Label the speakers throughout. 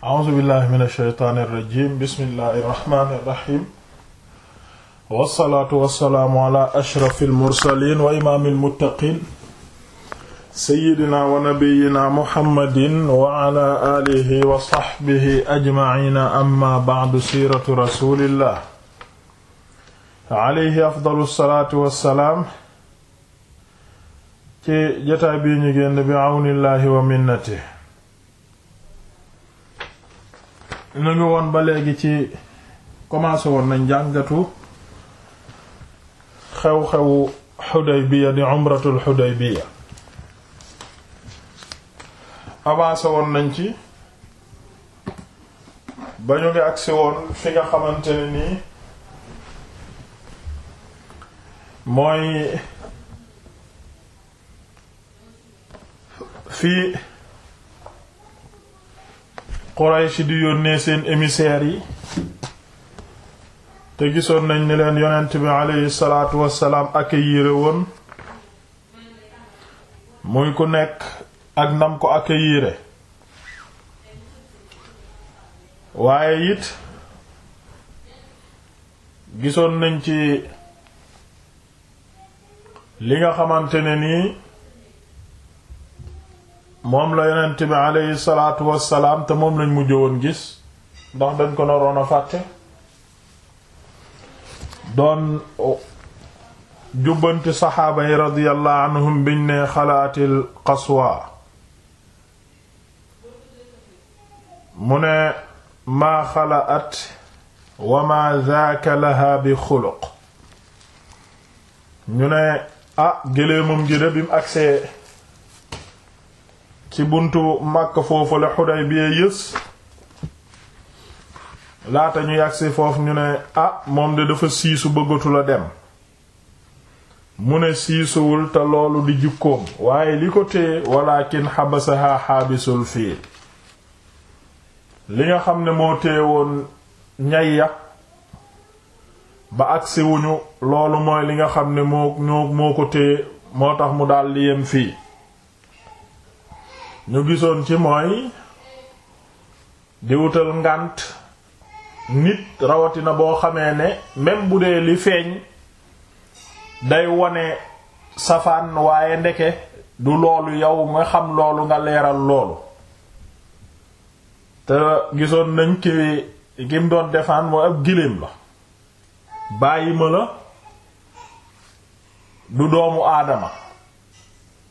Speaker 1: a'uuzu billahi min ashaytaani irrajim bismillahi irrahmani irrahim wassalaatu wassalaamu ala ashrafi almursalin wa imaami almuttaqin sayidina wa nabiyina muhammadin wa ala alihi wa sahbihi ajmaciina amma ba'du siiratu rasulillah alayhi afdalu salaatu wassalaam ci jotaay bii ñu génn bi awnillahi wa minnatihi nu ngi woon ba léegi ci commencé woon nañ jàngatu xew-xewu Xudaybiya di umratul Xudaybiya avancé woon nañ ci ba ñu ngi agsi woon fi nga xamante ne nii mooy fii si di yónnee seen émissaires yi te gisoon nañ ne leen yonent bi aleyhi salaatu wassalaam ak yére woon muy ku nekk ak nam ko ak yére waaye it gisoon nañ ci li nga xamante ne nii moom la yonent bi aleyhi salaatu wassalaam te moom lañ mujj woon gis ndax dañ ko naroon a fàtte doon jubbanti saxaaba yi radiyallahu anhum biñ ne xalaatil qaswa mu ne maa xalaat wa maa zaaka laha bi xuluq ñu ne ah géléemam gi de bim agsee ci buntu Makka foofu la Xudaybiya yës laata ñu yàgsi foofu ñu ne ah moom de dafa siisu bëggatu la dem mu ne siisuwul te loolu di jikkoom waaye li ko téye walakin xabasahaa xaabisul fiil li nga xam ne moo téye woon ñay ya ba agsiwuñu loolu mooy li nga xam ne moo moo ko téye moo tax mu daldi yem fii ñu gisoon ci mooy di wutal ngànt nit rawatina boo xamee ne même bu dee li feeñ day wone safaan waaye ndeke du loolu yow ma xam loolu nga leeral loolu te gisoon nañ ki kim doon defaan mooy ab giléem la bàyyi ma la du doomu aadama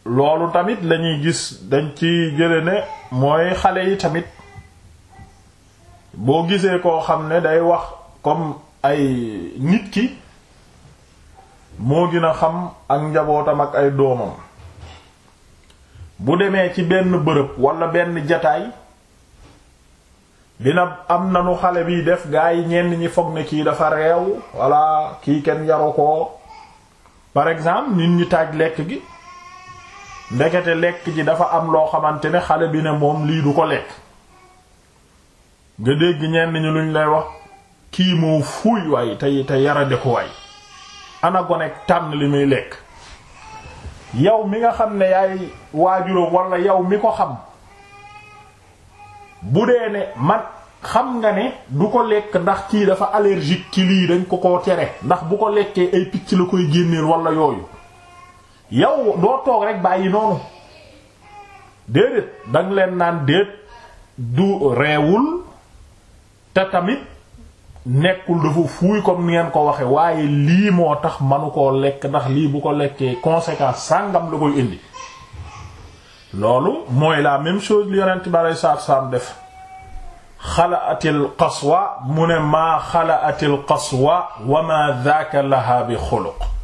Speaker 1: loolu tamit lañuy gis dañ ci jële ne mooy xale yi tamit boo gisee koo xam ne day wax comme ay nit ki moo gën a xam ak njabootam ak ay doomam bu demee ci benn bërëb walla benn jataay dina am nanu xale bi def gaa yi ñenn ñi foog ne kii dafa reew walla kii kenn yaru ko par exemple nit ñi taaj lekk gi ndekete lekk ji dafa am loo xamante ne xale bi ne moom lii du ko lekk nga dégg ñenn ñu luñ lay wax kii moo fuuy waay te yarade ko waay ana gonek tànn li muy lekk yow mi nga xam ne yaay waajuram walla yow mi ko xam bu dee ne man xam nga ne du ko lekk ndax ci dafa allergique ci lii dañ ko ko tere ndax bu ko lekkee ay picc la koy génneel walla yooyu yow doo toog rek bàyyi noonu déedéet danga leen naan déet du reewul te tamit nekkul dafa fuuy comme ni ngeen ko waxe waaye lii moo tax manu koo lekk ndax lii bu ko lekkee conséquence sàngam la koy indi loolu mooy la même chose li yonent bi alei saatu salaam def xalaatil qaswa mu ne maa xalaatil qaswa wa ma daaka laha bi xuluq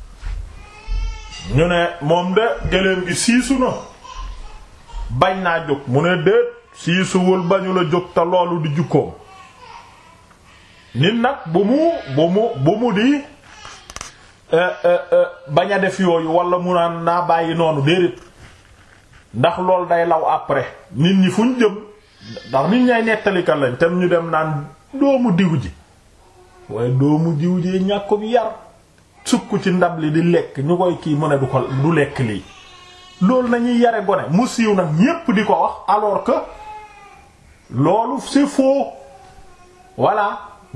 Speaker 1: ñu ne moom de gëléem gi siisu na bañ naa jóg mu ne déet siisuwul bañu la jóg te loolu di jukkoom nit nag bu mu bu mu mu di eh, eh, eh, bañ a def yooyu wala mu naan naa bàyyi noonu déedéet ndax loolu day law après nit ñi fu ñu jëm ndax nit ñay nettalikat lañ te ñu dem naan doomu diw ji waaye doomu diw ji ñàkk bi yar sukk ci ndab li di lekk ñu koy kii mu du ko du lekk lii loolu nañuy yare gone mu siiw nag ñépp di ko wax alors que loolu c'est faux voilà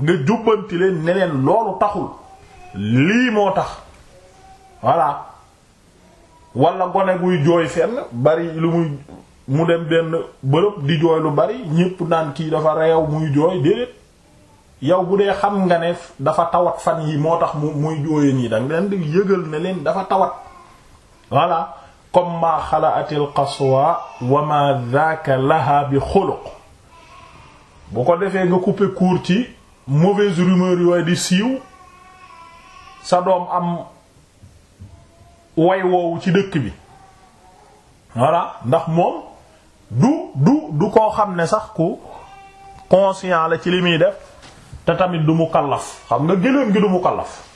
Speaker 1: nga jubbanti leen ne leen loolu taxul lii moo tax voilà wala gone guy jooy fenn bari lu muy mu dem benn bërëb di jooy lu bari ñépp naan kii dafa reew muy jooy déedéet yow bu dee xam nga ne dafa tawat fan yi moo tax mu muy jooyee nii da leen di yëgal ne leen dafa tawat voilà comme maa xalaatil qaswa wa ma zaaka bi xuluq bu ko defee nga couper court ci mauvaise rumeur yooyu di siiw sa doom am way woowu ci dëkk bi voilà ndax moom du du du koo xam ne sax ku conscient la ci li muy def te tamit du mu mukallaf xam nga gëléem gi du mukallaf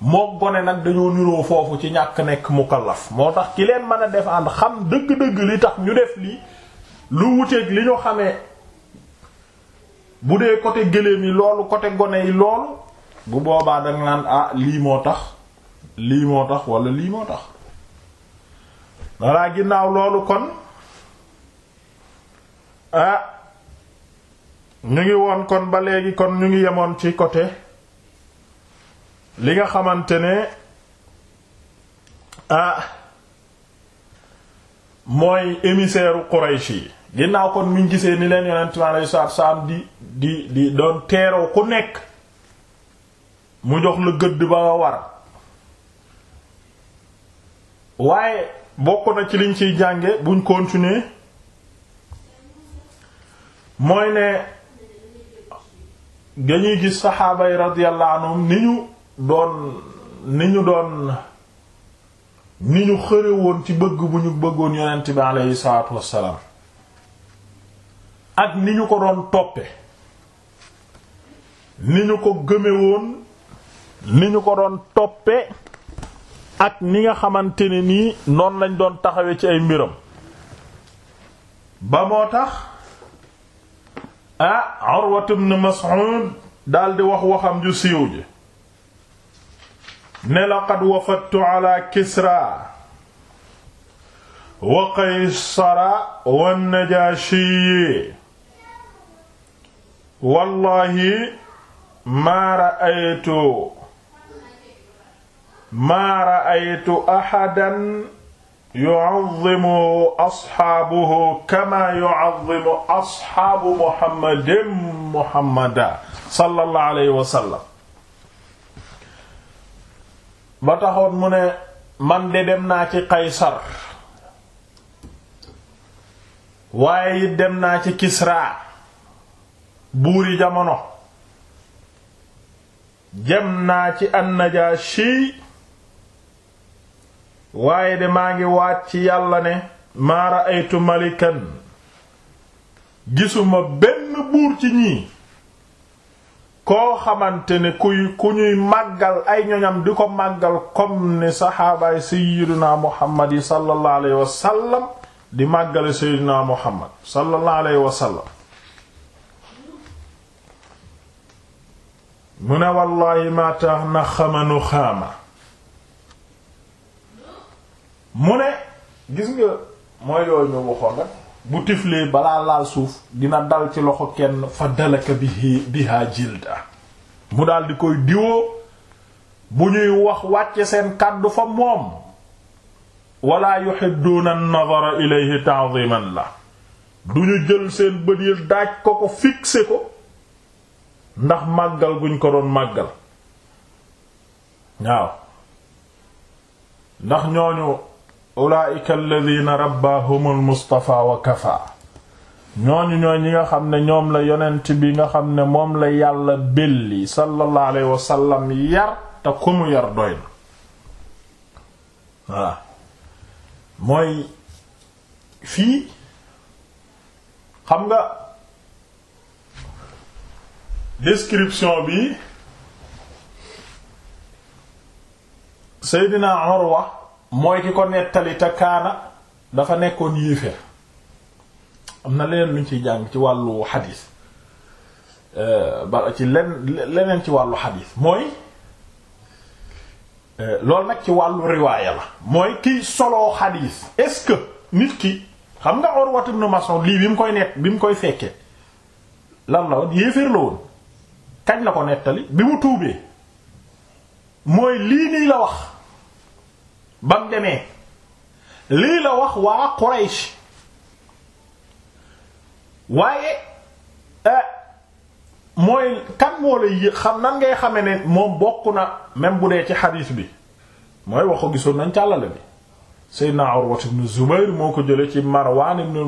Speaker 1: moo gone nag dañoo niroo foofu ci ñàkk nekk mu kallaf moo tax ki leen mën a def ànd xam dëgg-dëgg li tax ñu def lii lu wuteeg li ñu xamee bu dee côté gëléem yi loolu côté gone yi loolu bu boobaa danga naan ah lii moo tax lii moo tax wala lii moo tax walla ginnaaw loolu kon ah ñu ngi woon kon ba léegi kon ñu ngi yemoon ci côté li nga xamante ne ah mooy émissaire Quraysh yi ginnaaw kon mi ngi gisee ni leen yonent mi alayhi salaatu salaam di di di doon teeroo ku nekk mu jox la gëdd ba nga war waaye bokk na ci liñ ciy jànge buñ continuer mooy ne nga ñuy gis saxaaba yi radiyallahu anhum ni doon ni ñu doon ni ñu xëre woon ci bëgg bu ñu bëggoon yonent bi aleyhi salaatu wassalaam ak ni ñu ko doon toppe ni ñu ko gëme woon ni ñu ko doon toppe ak ni nga xamante ne nii noonu lañ doon taxawe ci ay mbiram ba moo tax ah Urwat ibn Mas'ud daldi wax waxam ju siiw ji ne laqad wafadtu ala Kisra wa Qaysara wa Najashi wallahi maa ra'aytu maa ra'aytu ahadan yu'azzimu asxaabuhu kamaa yu'azzimu asxaabu muhammadin muhammadan sallallahu alayhi wa sallam ba taxoon mu ne man de dem naa ci Qaysar waaye it dem naa ci Kisra buuri jamono dem naa ci an-Najaashi waaye de maa ngi waat ci yàlla ne maa ra'aytu malikan gisuma benn buur ci ñii koo xamante ne kuy ku ñuy màggal ay ñoñam di ko màggal comme ni saxaabaay sayyiduna muhammad yi sallallahu alayhi wa sallam di màggale sayyiduna muhammad sallallahu alayhi mu ne wallaahi maa tax na xamanu xaama mu ne gis nga mooy yooyu ñu waxoon rek bu tiflee balaa laal suuf dina dal ci loxo kenn fa dalaka bihi biha jilda mu daldi di koy diwoo bu ñuy wax wàcce seen kàddu fa moom wala du na nazara ilayhi ta'ziman la du ñu jël seen bët yi daaj ko ko fixé ko ndax màggal guñ ko doon màggal waaw ndax ñooñu ulaa'ika alladhiina rabbahumul Mustafa wa kafa ñooñu ñooy nga xam ne ñoom la yonent bi nga xam ne moom la yàlla belli sallallahu alayhi wa sallam te ku mu yar na mooy fii xam nga description bi Seydina Urwa mooy ki ko nettali te kaana dafa nekkoon yéeféer am na leneen luñ ci jàng ci wàllu xadiis euh, ba ci len leneen ci wàllu xadiis mooy euh, loolu nag ci wàllu riwaaya la mooy ki soloo xadiis est-ce que nit ki xam nga Urwat ibn Mas'ud lii bi mu koy nett bi mu koy fekkee lan la woon yéeféer la woon kañ la ko nettali bi mu tuubee mooy lii nii la wax ba mu demee lii la wax waa Quraysh waaye eh, mooy kan moo la xam nan ngay xame ne moom bokk na même bu dee ci xadiis bi mooy wax ko gisoon nañ càllale bi Seydina Urwa ibn Zubayr moo ko jële ci Marwan ibn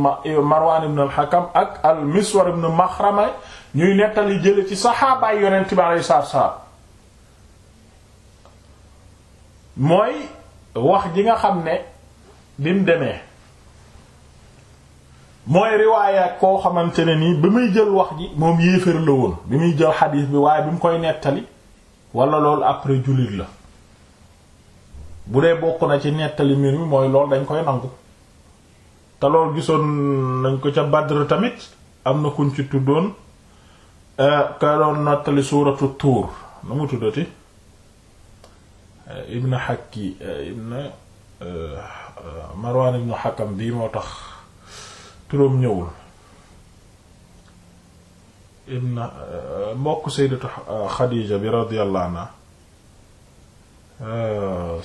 Speaker 1: Marwan ibn al-Hakam ak al-Miswar ibn Maxrama ñuy nettali jële ci saxaabaay yonent bi alayhi salaatu wa salaam mooy wax ji nga xam ne bi mu demee mooy riwaaya koo xamante ne nii bi muy jël wax ji moom yéeféer la woon bi muy jël xadiis bi waaye bi mu koy nettali wala lool après jullit la bu dee bokk na ci nettali mbir mi mooy lool dañ koy nangu te lool gisoon nañ ko ca Badr tamit am na kuñ ci tuddoon euh, ka doon nettali suuratu tuur nu mu tuddati Euh, ibn Hakki euh, ibn euh, Marwan ibn Hakam bii moo tax turoom ñëwul ibn mbokk sayyidatu Xadiija bi radiyallahu anha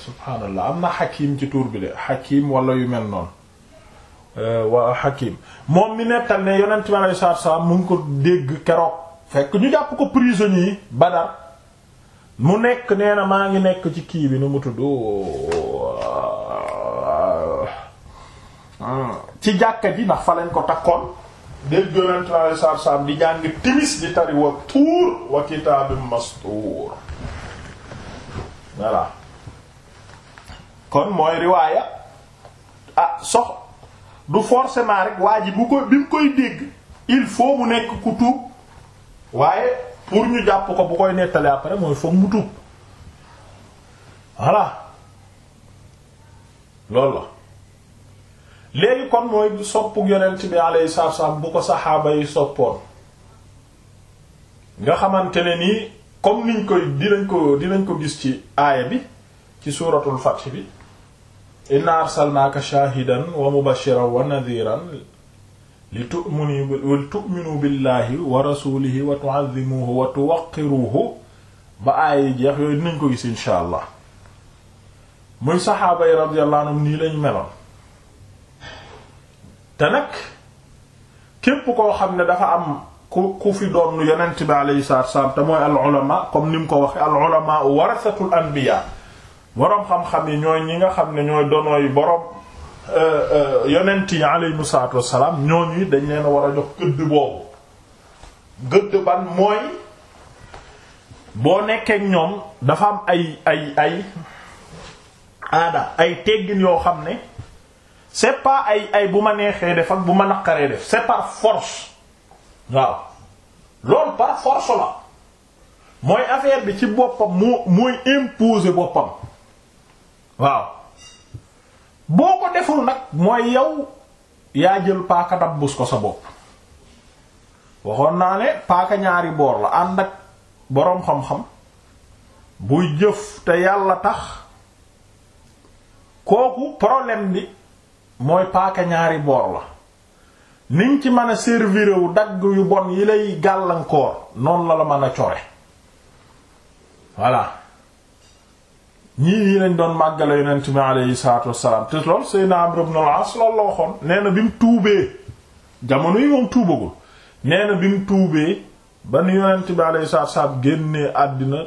Speaker 1: subhaanallah am na Hakim ci tuur bi de Hakim wala yu mel noonu waa Hakim moom mi nettal ne yonent bi alayhi salaatu wa salaam ko dégg keroog fekk ñu jàpp ko prisonnier Badar mu nekk nee na maa ngi nekk ci kii bi nu mu tudd ci jàkka ji ndax fa lañ ko takkoon dégg yonent bi alayhi di jàng timis di tari wa tuur mastuur voilà kon mooy riwaaya ah sox du forcément rek waa ji bu ko bi mu koy dégg il faut mu nekk ku tuub waaye pour ñu jàpp ko bu koy nettali après mooy foog mu tuub voilà loolu la léegi kon mooy soppu geneen bi alayhi salaatu wasallam bu ko saxaaba yi soppoon nga xamante ne nii comme niñ koy dinañ ko dinañ ko gis ci aaya bi ci suuratul Fath bi inna arsalnaaka shaahidan wa mubashiran wa nadhiran li tu'minu billahi wa rasulihi wa tu'azzimuhu wa tuwaqqiruhu ba aaya jeex yooyu dinañ ko gis insha allah muy saxaaba yi radiyallahu nii lañ meloon te nag képp koo xam ne dafa am ku ku fi doon yonent bi alayhi salaatu wassalaam te mooy al ulama comme ni mu ko waxe al ulama warasatul anbiya boroom xam-xam yi ñooy ñi nga xam ne ñooy donooy boroom Euh, euh, yonent yi aleyhimu salaatu wassalaam ñooñu dañ leen war a jox gëdd boobu gëdd ban mooy boo nekkee ñoom dafa am ay ay ay aada ay teggin yoo xam ne c'est pas ay ay bu ma neexee def ak bu ma naqaree def c'est par force waaw loolu par force la mooy affaire bi ci boppam moo mooy imposer boppam waaw boo ko deful nag mooy yow yaa jël paaka dabbus ko sa bopp waxoon naa ne paaka ñaari boor la ànd ak boroom xam-xam buy jëf te yàlla tax kooku problème bi mooy paaka ñaari boor la niñ ci mëna a wu dagg yu bon yi lay gàllankoor noonu la la mën a core voilà ñii yi lañ doon màggale yonent bi aleyhi salaatu wassalaam te lool Seydina Amr ibn al-As loolu la waxoon nee na bi mu tuubee jamono yi moom tuubagul nee na bi mu tuubee ba nu yonent bi aleyhi salaatu wassalaam génnee àddina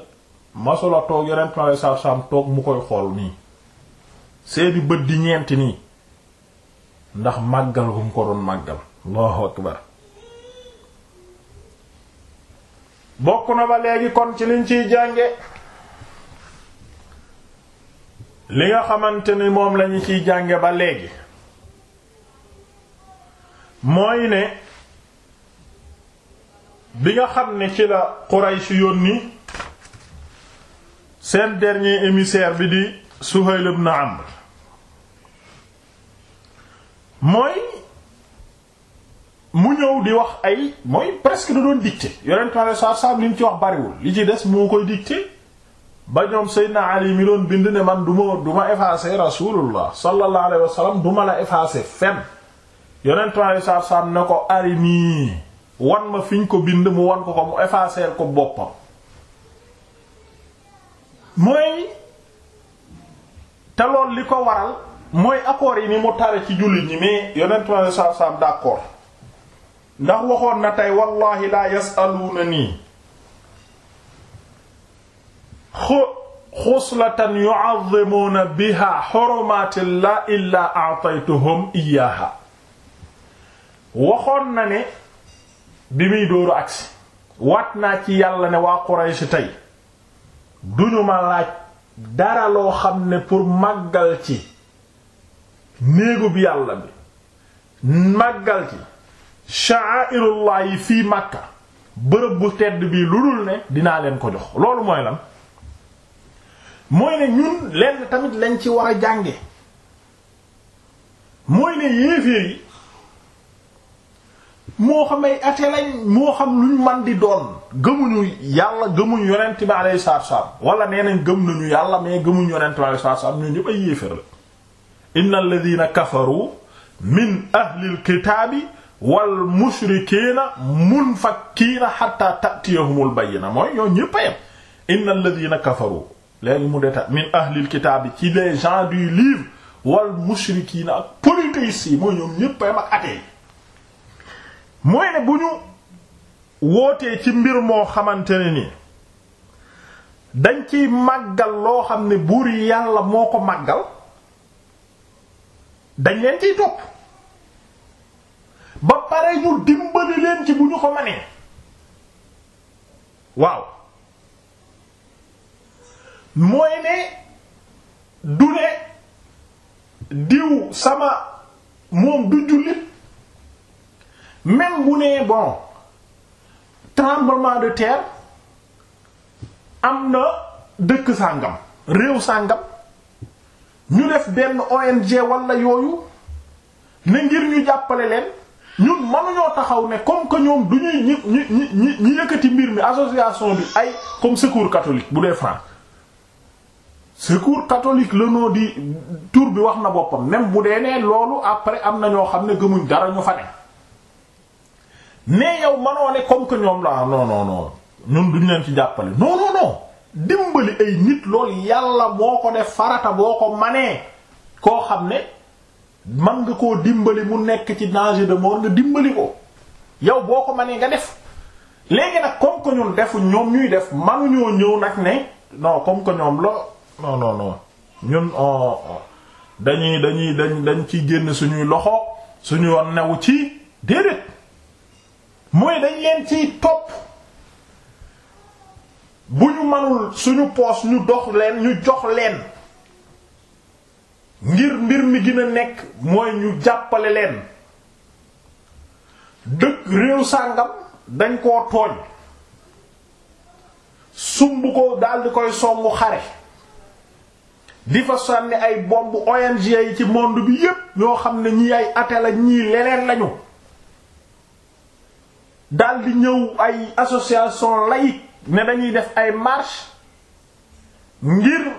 Speaker 1: masula toog yonent bi aleyhi salaatu wassalaam toog mu koy xool nii seeni bët di ñeenti nii ndax màggal bu mu ko doon màggal Allahu akbar bokk na ba léegi kon ci liñ ciy jànge li nga xamante ni moom lañu ciy jànge ba léegi mooy ne bi nga xam ne ci la Quraysh yónni seen dernier émissaire bi di Suhayl ibn Amr mooy mu ñëw di wax ay mooy presque da doon dicté yonent ma le saab-saab li mu ci wax bariwul li ci des moo koy dicté ba ñoom Seydina Ali mi doon bind ne man du ma du ma effacer rasulullah sallallahu alayhi wa la effacer fenn yonent alayhi salaam ne ko ari nii wan ma fiñ ko bind mu wan ko ko mu effacer ko boppam mooy te lool li ko waral mooy accords yi ni mu tare ci jullit ñi mais yonent alayhi salaam d'accord ndax waxoon na tey wallahi laa yasaluuna nii xuslatan yu'azzimuuna biha xoromaatillah illaa a'taytuhum iyaaha waxoon na ne bi muy dóoru agsi waat naa ci yàlla ne waa Quraysh tey duñu ma laaj dara xam ne pour màggal ci néegu bi yàlla bi màggal ci sha'a'irullahi fii Makka bërëb bu tedd bii lu dul ne dinaa leen ko jox loolu mooy lan mooy ne ñun lenn tamit lañ ci war a jànge mooy ne yéeféer yi moo xam ay ate lañ moo xam luñ man di doon gëmuñu yàlla gëmuñu yonent bi alayhi salaatu salaam wala nee nañ gëm nañu yàlla mais gëmuñu yonent bi alayhi salaatu salaam ñoo ñëpp ay yéeféer la inna alladhina kafaru min ahlil kitaabi wal mushrikiina munfakkiina hatta ta'tiyahumul bayyina mooy ñoo ñëpp a yem inna kafaru léegi mu deta min ahlil kitaab ci les gens du livre wal mushrikiin ak polythéistes yi mooy ñoom ñépp am ak athée mooy ne bu ñu wootee ci mbir moo xamante ne ni dañ ciy màggal loo xam ne buur yàlla moo ko màggal dañ leen ciy topp ba pare ñu dimbali leen ci bu ñu ko manee waaw mooy ne du ne diw sama moom du jullit même bu ne bon tremblement de terre am na dëkk sàngam réew sàngam ñu def benn ONG walla yooyu ne ngir ñu jàppale leen ñun mënuñoo taxaw ne comme que ñoom du ñuy ñi ñi ñi ñi yëkkati mbir mi association bi ay comme secours catholique bu dee France secours catholique la noo di tur bi wax na boppam même bu dee nee loolu après am na ñoo xam ne gëmuñ dara ñu fa ne mais yow manoo ne comme que ñoom la ah, non non non ñun duñ jàppale non non ay nit loolu yàlla boo ko def farata boo ko manee koo xam ne man nga koo dimbali mu nekk ci danger de mort nga dimbali ko yow boo ko manee nga def léegi nag comme que ñun defu ñoom ñuy def manuñoo ñëw nag ne non comme que ñoom la. non non non oh, oh. dañuy dañuy dañ dañ ciy génn suñuy loxo suñu yoon ci déedéet mooy dañ leen ciy topp bu ñu manul suñu poos ñu dox leen ñu jox leen ngir mbir mi gën nekk mooy ñu jàppale leen dëkk réew sàngam dañ koo tooñ sumb ko daldi koy songu xare di fa sànni ay bomb ONG yi ci monde bi yépp ñoo xam ne ñi ay athée ñii leneen lañu daldi ñëw ay association laïque ne dañuy def ay marche ngir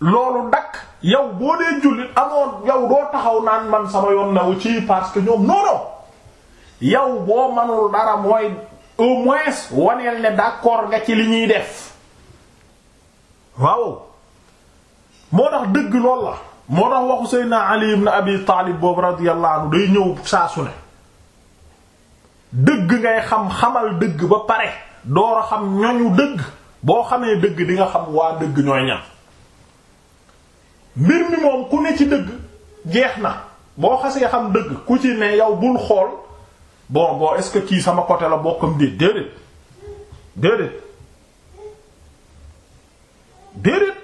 Speaker 1: loolu dakk yow boo dee jullit amoon yow doo taxaw naan man sama yoon nawu ci parce que ñoom non non boo manul dara mooy au moins waneel ne d'accord nga ci li ñuy def waaw moo tax dëgg lool la moo tax waxu Seydina Ali ibn Abi Taalib boobu day ñëw saa su ne dëgg ngay xam xamal dëgg ba pare door a xam ñoñu dëgg boo xamee dëgg di nga xam waa dëgg ñooy ñan mbir mi moom ku ne ci dëgg jeex na boo xasee xam dëgg ku ci ne yow bul xool bon boo est-ce que sama côté la bokkam déet déedéet déedéet déedéet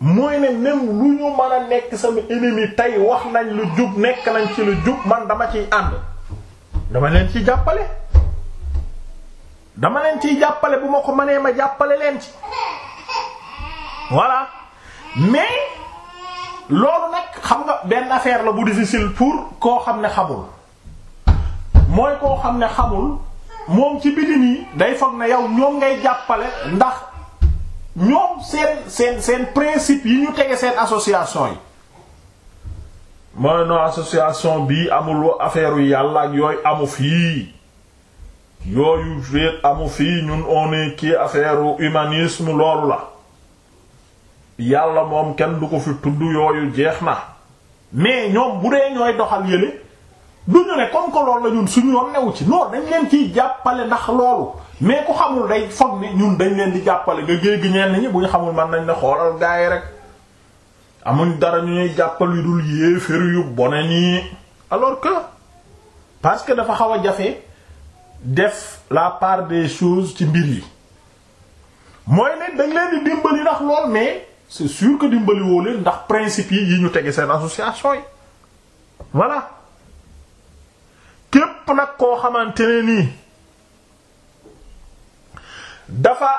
Speaker 1: mooy ne même lu ñu mën a nekk sama ennemi tey wax nañ lu jub nekk nañ ci lu jub man dama ciy ànd dama leen ciy jàppale dama leen ciy jàppale bu ma ko mënee ma jàppale leen ci voilà mais loolu nag xam nga benn affaire la bu difficile pour koo xam ne xamul mooy koo xam ne xamul moom ci biti nii day foog na yow ñoom ngay jàppale ndax ñoom seen seen seen principe yi ñu tege seen association yi mooy non association bii amul affaire yu yàlla ak yooyu amu fii yooyu réet amu fii ñun on est kii affaire humanisme loolu la yàlla moom kenn du ko fi tudd yooyu jeex na mais ñoom bu dee ñooy doxal yële du ñu ne comme que loolu la ñun suñu yoon newu ci non dañ leen ciy jàppale ndax loolu mais ku xamul day foog ni ñun dañ leen di jàppale nga géej gi ñenn ñi bu ñu xamul man nañ ne xoolal gaa yi rek amuñ dara ñu ñuy jàppal yu dul yéefér yu bone nii alors que parce que dafa xaw a jafe def la part de choses ci mbir yi mooy ne dañ leen di dimbali ndax lool mais c'est sûr que dimbali leen ndax principe yi ñu tege seen association yi voilà képp nag koo xamante ne nii dafa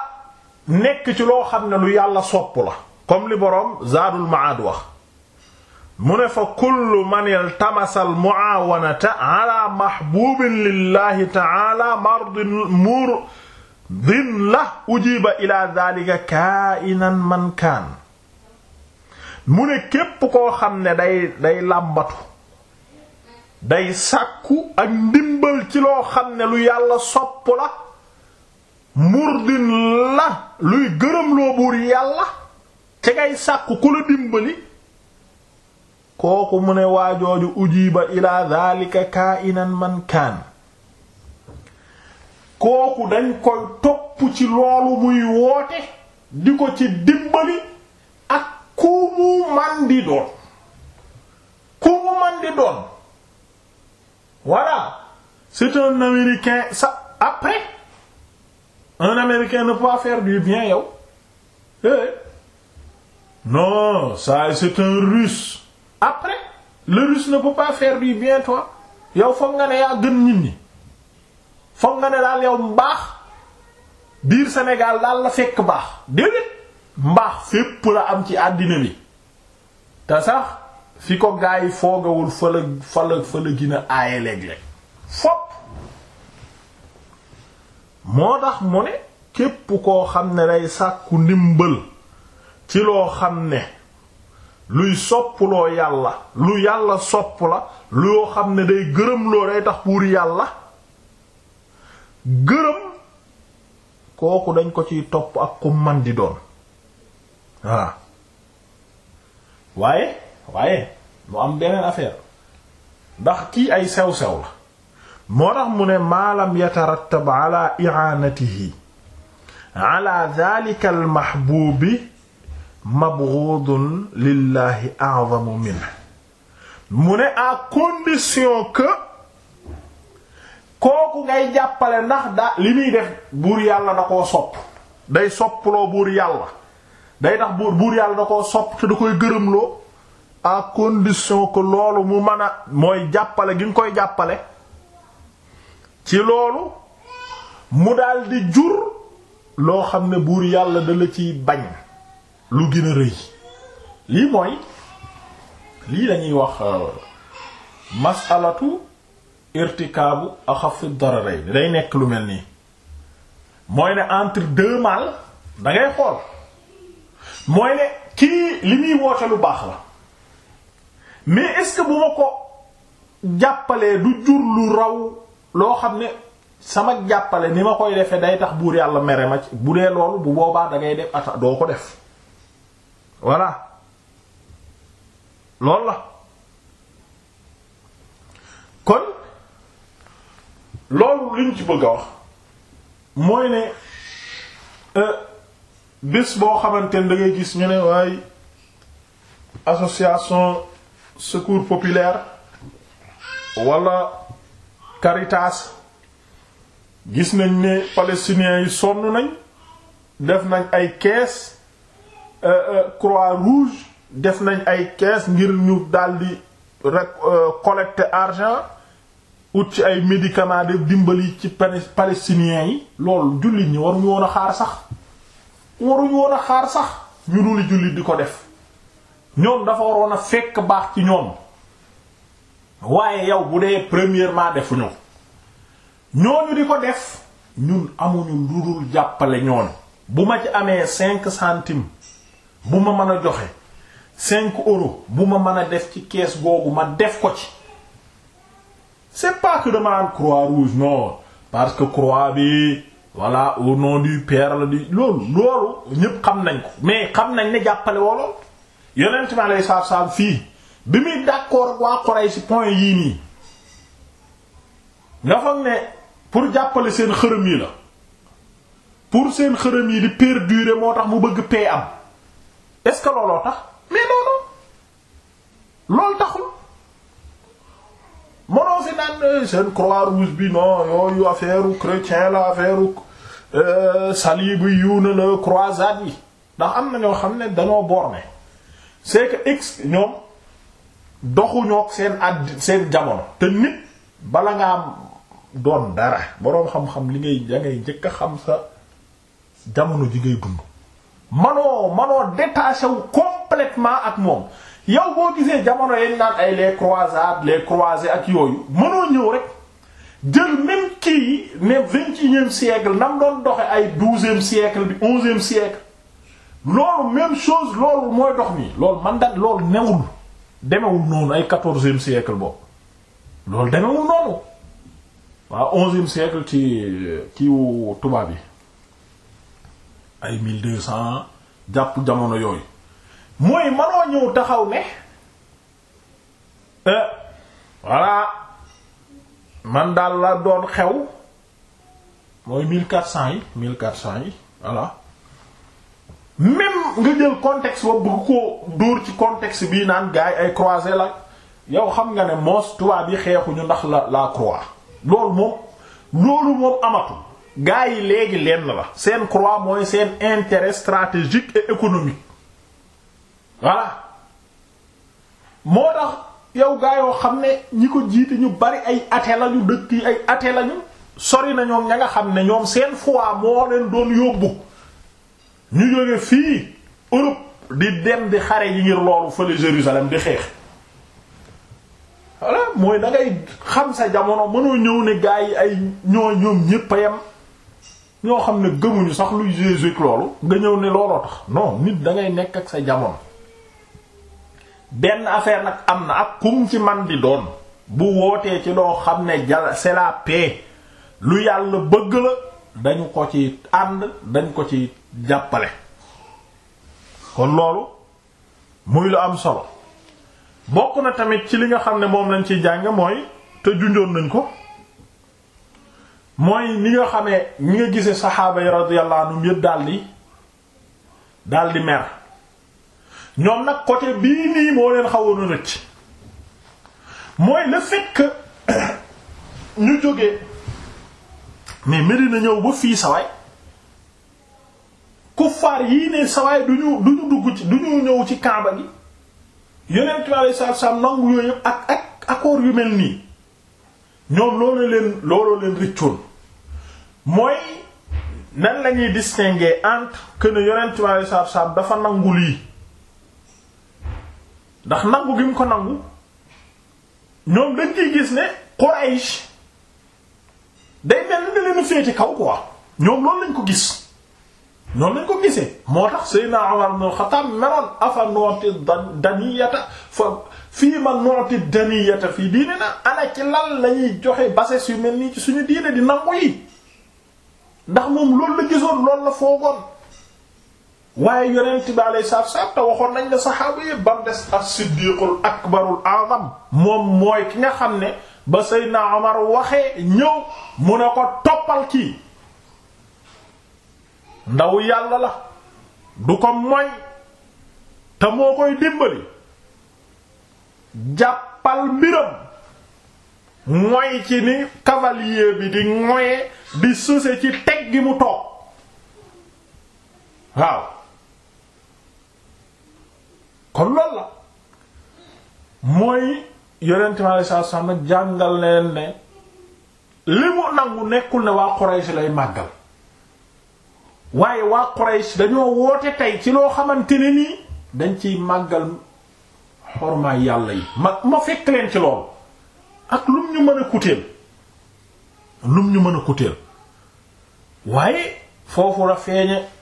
Speaker 1: nekk ci loo xam ne lu yàlla sopp la comme li boroom zaadul maad wax mu ne fa kullu man iltamasa al muaawanata ala mahbubin lillahi taala mardin murdin la ujiba ila dhalika kainan man kaan mu ne képp koo xam ne day day làmbatu day sàkku ak ndimbal ci loo xam lu yàlla sopp la murdin la luy gërëm loo buur yàlla ci ngay sàkku ku la dimbali kooku mu ne waajooju ujiba ila dhalika kainan man kaan kooku dañ koy topp ci loolu muy woote di ko ci dimbali ak ku mu man doon ku mu doon voilà c'est un américain ça après un américain ne peut pas faire du bien yow eh non ça c'est un russe après le russe ne peut pas du bien toi yow foog nga ne yaa gën nit ñi foog nga ne daal yow mbaax biir Sénégal daal la fekk baax déedéet mbaax fépp la am ci àddina bi te sax fi ko gaa yi foogawul fa la fa la fa la gën aaye léeg-léeg moo tax mu ne képp koo xam ne day sàkku ndimbal ci loo xam ne luy soppuloo yàlla lu yàlla sopp la loo xam ne day gërëm loo day tax buur yàlla gërëm kooku dañ ko ciy topp ak ku man di doon voilà waaye waaye mu am beneen affaire ndax kii ay sew-sew la moo tax mu ne maalam yatarattab ala i'anatihi ala dhalika almahbubi mabghudun lillahi a'zamu ne à condition ndax da li muy yàlla da koo sopp day sopploo buur yàlla day tax buur buur yàlla da koo sopp te da koy gërëmloo à condition que loolu mu mën mooy jàppale gi nga koy jàppale ci loolu mu daldi jur loo xam ne buur yàlla da la ciy bañ lu gën a rëy lii mooy lii lañuy wax euh, masalatu irtikaabu axafi dararayn day nekk lu mel nii mooy ne entre deux mal da xool mooy ne kii li muy woote lu baax la mais est bu ma ko jàppalee du jur lu raw loo xam ne sama jàppale ni ma koy defee day tax buur yàlla mere ma ci bu dee loolu bu boobaa dangay def ata doo ko def voilà loolu la kon loolu liñ ci bëgg a wax mooy ne euh, bés boo xamante ne da gis ñu ne waaye association secours populaire wala Caritas gis nañ ne palestiniens yi sonn nañ def nañ ay caisse euh, euh, croix rouge def nañ ay caisse ngir ñu daldi rek euh, collecte argent ut ci ay médicaments def dimbali ci palestiniens yi loolu jullit ñi waruñu woon a xaar sax waruñu woon a xaar sax ñu dul jullit di ko def ñoom dafa waroon a fekk baax ci ñoom waaye yow bu dee premièrement defuñu ñooñu di ko def ñun amuñu lu dul jàppale ñooñu bu ma ci amee cinq centimes bu ma mën a joxe cinq euros bu ma mën a def ci kees googu ma def ko ci c'est pas que dama am croix rouge non parce que croix bi voilà au nom du la di loolu loolu ñépp xam nañ ko mais xam nañ ne jàppale woo lool yeneen lay saab saab fii. bi muy d'accord waa Quraysh point yii nii nga xam ne pour jàppale seen xërëm yi la pour seen xërëm yi di perdurer moo tax mu bëgg paix am est-ce que looloo tax mais non non loolu taxul mënoo fi naan euh, seen croix rouge bi non yooyu affaire chrétien la affaire euh, sali bi yuuna la croisade yi ndax am na ñoo xam ne dañoo borné c'est que ex ñoom. doxuñoo seen àdd seen jamono te nit bala nga am doon dara boroom xam-xam li ngay da ngay njëkk a xam sa jamono ji ngay dund manoo manoo détaché wu complètement ak moom yow boo gisee jamono yañ naan ay les croisades les croisés ak yooyu mënoo ñëw rek jël même kii ne vingt-et-unième siècle nam doon doxe ay douzième siècle bi onzième siècle loolu même chose loolu mooy dox nii loolu man da loolu newul demewul noonu ay quatorzième siècle boobu loolu demewul noonu waaw onzième siècle ci kiiwu tubaab yi ay mille deux cent jàpp jamono yooyu mooy manoo ñëw taxaw ne euh, voilà man daal la doon xew mooy mille quatre cent yi mille quatre cent yi voilà même nga jël contexte ba bëgg koo dóor ci contexte bii naan gars yi ay croisé la yow xam nga ne moos tubaab yi xeexuñu ndax la la croix loolu moom loolu moom amatu gars yi léegi lenn la seen croix mooy seen intérêt stratégique et économique moo tax yow gars yoo xam ne ñi ko jiite ñu bari ay athée lañu dëkk yi ay athée lañu sori na ñoom ña nga xam ne ñoom seen foi moo leen doon yóbbu ñu jóge fii Europe di dem di xare yi ngir loolu fële Jérusalem di xeex mooy dangay xam sa jamono mënoo ñëw ne gaa yi ay ñoo ñoom ñépp a ñoo xam ne gëmuñu sax lu Jésus loolu nga ñëw ne looloo tax non nit da nekk ak sa jamono benn affaire nag am na ak kum ci man di doon bu wootee ci loo xam ne jal c'est la lu yàlla bëgg la dañu ko ci ànd dañ ko ci jàppale kon loolu muy lu am sol bokk na tamit ci li nga xam ne moom lañ ciy jàng mooy te junjoon nañ ko mooy ni nga xamee ñi nga gise saxaaba yi radiyallahu anhum yëpp daldi daldi mer ñoom nag côté bii nii moo leen xawoon a rëcc mooy le fait que ñu jógee mais Medina ñëw ba fii saway kuffaar yii ne sawaay du ñu du dugg ci du ñu ñëw ci kaaba gi yeneen tubaab yi nangu yooyu ak ak accord yu mel nii ñoom loolu leen looloo leen rëccoon mooy nan la ñuy distinguer entre que ne yeneen tubaab yi dafa nangu lii ndax nangu gi mu ko nangu ñoom dañ ciy gis ne Quraysh day mel ni da leen a féete kaw quoi ñoom loolu lañ ko gis. noonu lañ ko gisee moo tax Seydina Umar ibn Xattaab meroon afa nooti daniyata fa fii ma nooti daniyata fii diine na ana ci lan la ñuy joxe bases yu mel nii ci suñu diine di nangu yi ndax moom loolu la gisoon loolu la foogoon waaye yonent bi alayhi salaatu salaam te waxoon nañ la saxaaba yi ba mu des as-Siddiqul Akbarul Azam moom mooy ki nga xam ne ba Seydina Umar waxee ñëw mu ne ko toppal kii ndaw yàlla la du ko moy te moo koy dimbali jàppal mbiram moy ci ni cavalier bi di moye di suse ci teg gi mu toog waaw kon loolu la mooy yonent mi alayhi salaatu nag jàngal leen ne li mu nangu nekkul ne waa Quraysh lay màggal waaye waa Quraysh dañoo woote tey ci loo xamante ni nii dañ ci màggal xormaay yàlla yi ma ma fekk leen ci loolu ak lum ñu mën a kuteel lum ñu mën a waaye foofu la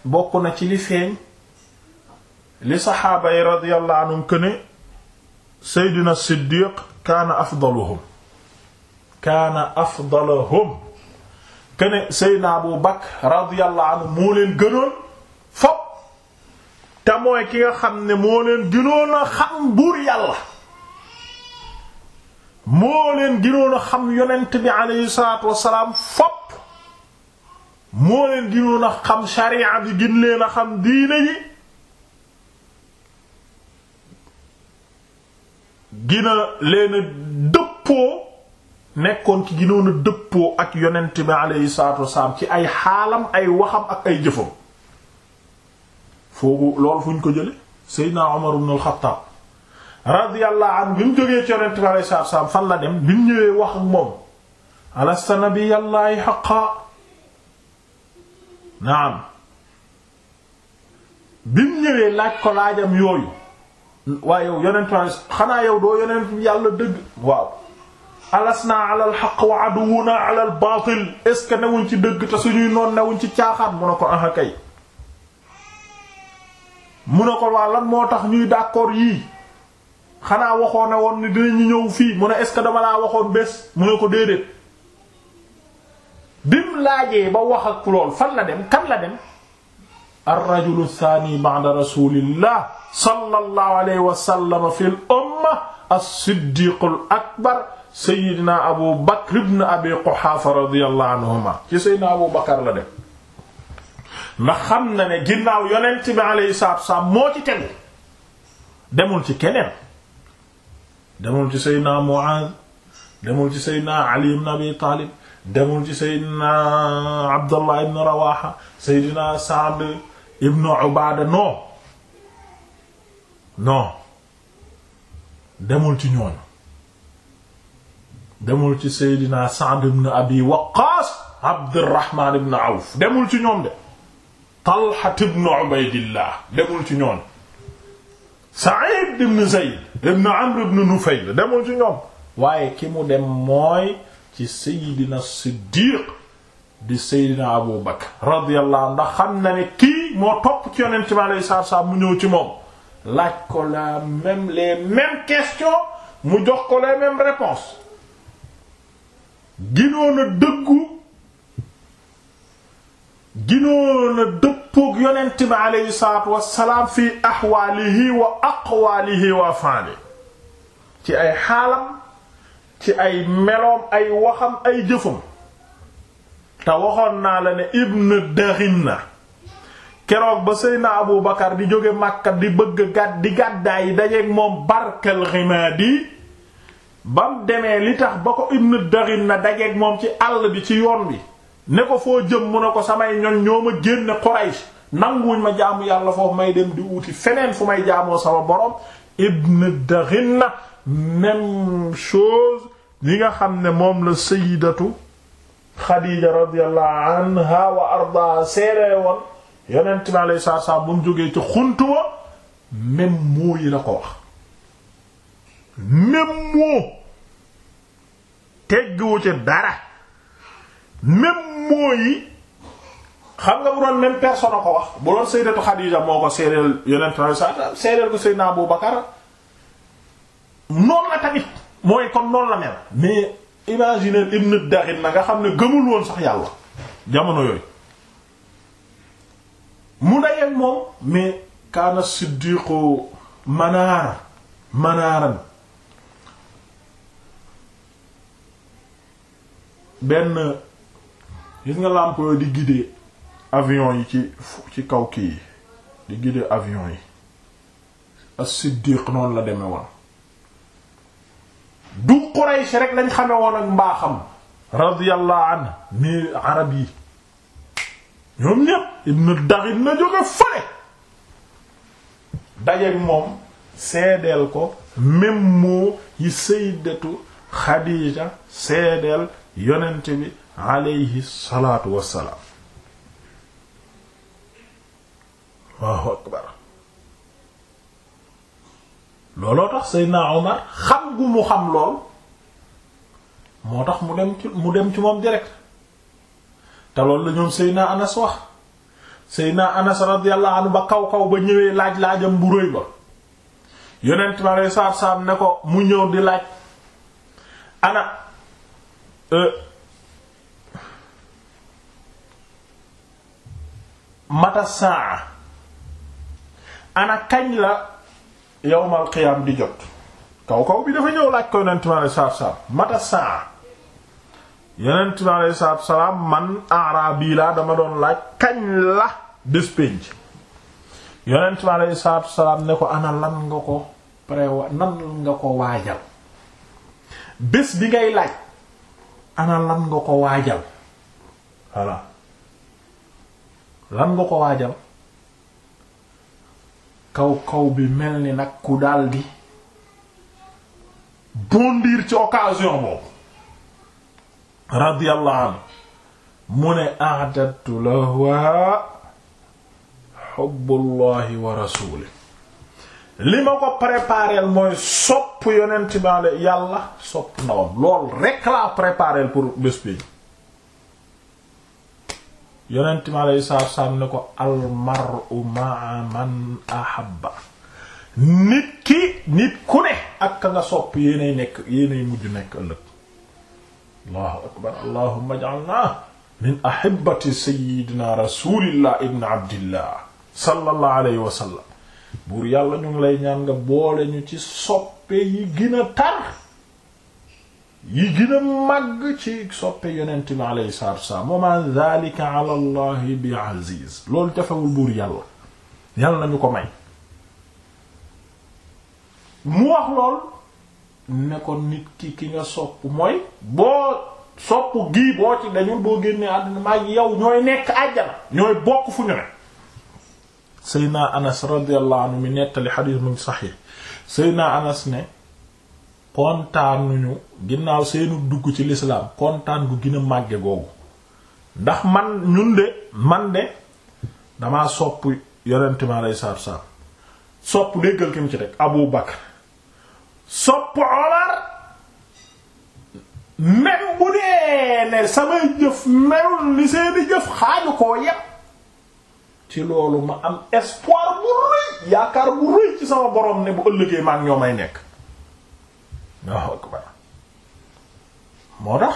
Speaker 1: bokk na ci li feeñ li saxaaba yi radiyallahu anhum këne Seydina Siddiq kaana afdaluhum kaana afdaluhum kene Seydina Abu Bakr radiyallahu anhu moo leen gënoon fop te mooy ki nga xam ne moo leen gënoon a xam buur yàlla moo leen gënoon a xam yonent bi aleyhi salaatu wassalaam fop moo leen gënoon a xam sharia bi gën leen a xam diine yi gën leen a dëppoo nekkoon ki gënoon a dëppoo ak yonent bi aleyhi salaatu wasalaam ci ay xaalam ay waxam ak ay jëfam foogu loolu fu ñu ko jële Seydina Umar ibn al-Khattab radiyallahu anhu bi mu jógee ci yonent bi aleyhi salaatu wasalaam fan la dem bi mu ñëwee wax ak moom alasta nabiyallaahi haqqan naam bi mu ñëwee laaj ko laajam yooyu waaye yow yonent bi xanaa yow doo yonent yàlla dëgg waaw alasna ala alxaq wa aduwuna ala albaatil est newuñ ci dëgg te suñuy noon newuñ ci caaxaan mu ne ko aha kay mu ko waa lan moo tax ñuy d'accord yii xanaa waxoon ne woon ni dinañu ñëw fii mu a est dama laa waxoon bés mu ne ko déedéet bim laajee ba wax ak lool fan la dem kan la dem arrajulu thani ba'da rasulillah sallallahu alayhi wa sallam fil umma as-siddiqul akbar seydina abu bakr ibn abi quhaafa radiyallahu anhuma ci seydina abu bakar la dem ndax xam na ne ginnaaw yonent bi alayhi salaatu wassalaam moo ci tegu demul ci keneen demul ci seydina muaaz demul ci seydina ali ibn abi taalib demul ci seydina abdullah ibn rawaha seydina saad ibn ubaada non non demul ci ñooñu demul ci Seydina Sa'd ibn Abi Waqqas Abdurrahman ibn Awf demul ci ñoom de Talha ibn Ubaydillah demul ci ñoom Sa'id ibn Zayd ibn Amr ibn Nufayl demul ci ñoom waaye ki mu dem mooy ci Seydina Siddiq di Seydina Abu Bakr radiyallahu ndax xam na ne kii moo topp ci yonent bi alayhi salaatu salaam mu ñëw ci moom laaj ko la même les mêmes questions mu jox ko les mêmes réponses ginoon a dëggu ginoon a dëppoog yonent bi aleyhi salaatu wassalaam fi axwaalihi wa aqwaalihi wa faali ci ay xaalam ci ay meloom ay waxam ay jëfam te waxoon naa la ne ibn na keroog ba seyna abu bakar di jóge màkka di bëgg gàdd di gàddaay yi dajeeg moom barkal ximaadi bam demee li tax ba ko ibn darin na dajeeg moom ci àll bi ci yoon bi ne ko foo jëm mu ne ko samay ñoñ ñoo ma génne Quraysh nanguwuñ ma jaamu yàlla foofu may dem di wuti feneen fu may jaamoo sama borom ibn darin na même chose li nga xam ne moom la sayyidatu Khadija radiyallahu anha wa arda seere woon yonent bi alayhi salaatu bu mu jógee ci xuntu wa même mooyi la ko wax même mot teggiwu ci dara même mot yi xam nga bu doon même personne a ko wax bu doon sayyidatu Xadiija moo ko seedeel yonent sallallahu alayhi wasallam seedeel ko sayyidna Abu Bakar noonu la tamit mooy kon noonu la mel mais imaginer Ibn Daxin na nga xam ne gëmul woon sax yàlla jamono yooyu mu dayeeg moom mais kaana siddiqu manaara manaaran benn gis nga làmp di guider avion yi ci ci kaw kii yi di guider avion yi as-Siddiq noonu la deme woon du Quraysh rek lañ xame woon ak mbaaxam radiyallahu anhu ni arab yi ñoom ñépp ibn Daxin jóge fële dajeeg moom seedeel ko même yi sayyidatu Xadiija seedeel yonent bi aleyhi salaatu wassalaam Allahu akbar looloo tax Seydina Omar xam gu mu xam lool moo tax mu dem ci mu dem ci moom direct te loolu la ñoom Seydina Anas wax Seydina Anas radiyallahu anhu ba kaw kaw ba ñëwee laaj laajam bu rëy ba yonent ma lay saab saab ne ko mu ñëw di laaj ana Euh, mata saa ana kañ la yawmal qiyaam di jot kaw kaw bi dafa ñëw laaj ko yonent bi alei salatu salaam mata saa yonent bi laa dama doon laaj kañ la bés pénc yonent bi alei salatu salaam ne ko ana lan nga ko préwa nan nga ko waajal bés bi ngay laaj ana lan nga ko waajal voilà lan nga ko waajal kaw kaw bi mel ni nag ku daldi bondir ci occasion boobu radiyallahu anhu mu ne a'dadtu lahu hubbullahi wa rasulihi li ma ko prépareel mooy sopp yonent bi yàlla sopp ndawam lool rekk laa prépareel pour bés bi yonent bi ale saab saab ko almaru maa man ahabba nit ki nit ku ne ak ka nga sopp yéenay nekk yéenay mujj nekk ëllëg allahu akbar allahumma ij'alna min ahibbati sayyidina rasulillah ibn abdillah sallallahu alayhi wa buur yàlla ñu ngi lay ñaan nga boole ñu ci soppe yi gën a tar yi gën a ci soppe yonent bi alayhi salaatu wassalaam wa ma zalika bi aziz loolu jafewul buur yàlla yàlla nañu ko may mu wax lool ne ko nit ki ki nga sopp mooy boo sopp gii boo ci dañul boo génnee àddina maa yow ñooy nekk àjjana ñooy bokk fu ñu Seydina Anas radiyallahu anhu mi nettali xadiis mu ngi saxiix Seydina Anas ne kontaanuñu ginnaaw seenu dugg ci lislaam kontaan gu gina a màgge googu ndax man ñun de man de damaa sopp yonent mi alayhi salaatu salaam sopp déggal ki mu ci rek Abu Bakar sopp Omar même bu dee ne samay jëf melul li seeni jëf xaaju koo yépp ci loolu ma am espoir bu rëy yaakaar bu rëy ci sama borom ne bu ëllëgee ma ñoo may nekk waaw akbar moo tax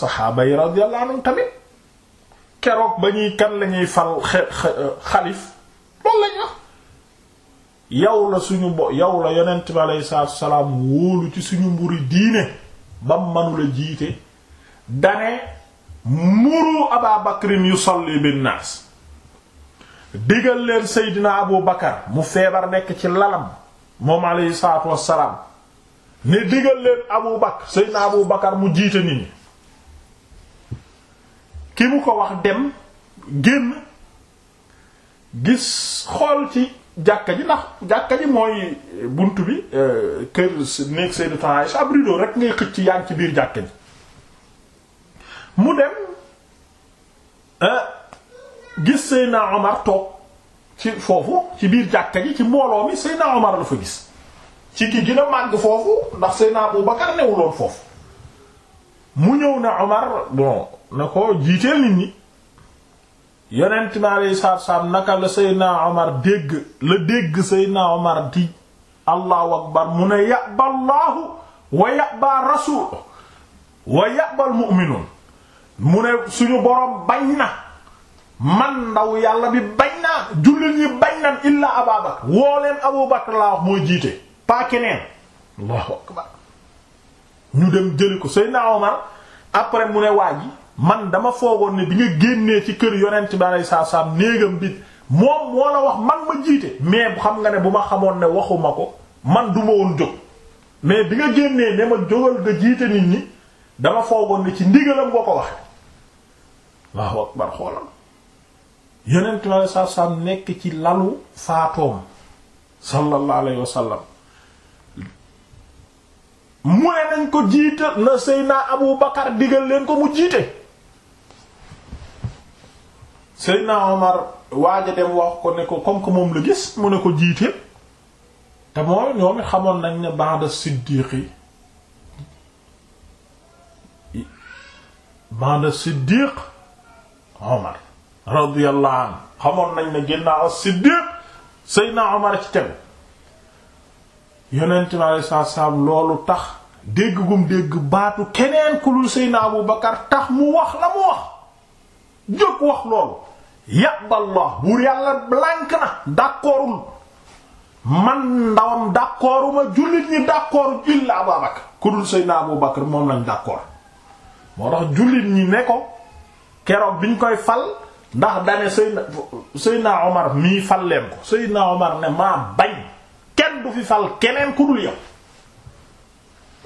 Speaker 1: saxaaba yi radiyallahu tamit keroog ba ñuy kan lañuy ñuy fal xalif loolu lañ wax yow la suñu bo yow la yonent bi aleyhi salaam wóolu ci suñu mburi diine bam manula jiite dane muru aba yusalli bin digal leen Seydina Abu Bakar mu feebar nekk ci lalam moom alayhi salaatu wassalaam ne digal leen Abu Bakar Seydina Abu Bakar mu jiite nit ñi ki mu ko wax dem génn gis xool ci jàkka ji ndax jàkka ji mooy bunt bi euh, kër néeg Sayyidatu Aisha ab rek ngay xëcc yaa ci biir jàkka ji mu dem euh, gis Seydina Omar toog ci foofu ci biir jàkka ji ci mbooloo mi Seydina Omar la fa gis ci ki gën màgg foofu ndax Seydina Abu Bakar mu ñëw ne na ko jiiteel nit ñi yonent mi alayhi salaatu naka la Seydina Omar dégg la dégg Seydina Omar di allahu akbar mu ne yàba allaahu wa yàba rasuul wa yàbal mu'minuun mu ne suñu borom bañ na man ndaw yàlla bi bañ naa jullit ñi bañ nan illaa Ababakar woo leen Abubakar laa wax mooy jiite pas keneen Allahu akbar ñu dem jëli ko Seydina Omar après mu ne waa ji man dama foogoon ne bi nga génnee ci kër yonent bi alayhi salaam néegam bi moom moo la wax man ma jiite mais xam nga ne bu ma xamoon ne waxuma ko man du ma woon jóg mais bi nga génnee ne ma jógal nga jiite nit ñi dama foogoon ne ci ndigalam boo ko waxee Allahu akbar xoolal yonent mi alei satu salaam nekk ci lalu faatoom sallallahu alayhi wa mu ne nañ ko jiita na Seydina Abu Bakar digal leen ko mu jiite Seydina Omar waaja dem wax ko ne ko comme que moom la gis mu ne ko jiite te mooy ñoom it xamoon nañ ne ba'da siddiqi ba'da siddiq Omar radiyallahu anhu xamoon nañ ne ginnaaw as-Siddiq Seydina Omar ci tegu yonent bi alayhi salaam loolu tax dégg gum dégg baatu keneen ku dul Seydina Abu Bakar tax mu wax la mu wax jóg wax loolu yàballah buur yàlla blank na d'accordul man ndawam d'accorduma jullit ñi d'accord illa Abu Bakar ku dul Seydina Abu Bakar moom lañ d'accord moo tax jullit ñi ne ko keroog biñ koy fal ndax dane Seydina Seydina Omar mii fal leen ko Seydina Omar ne maa bañ kenn du fi fal keneen ku dul yow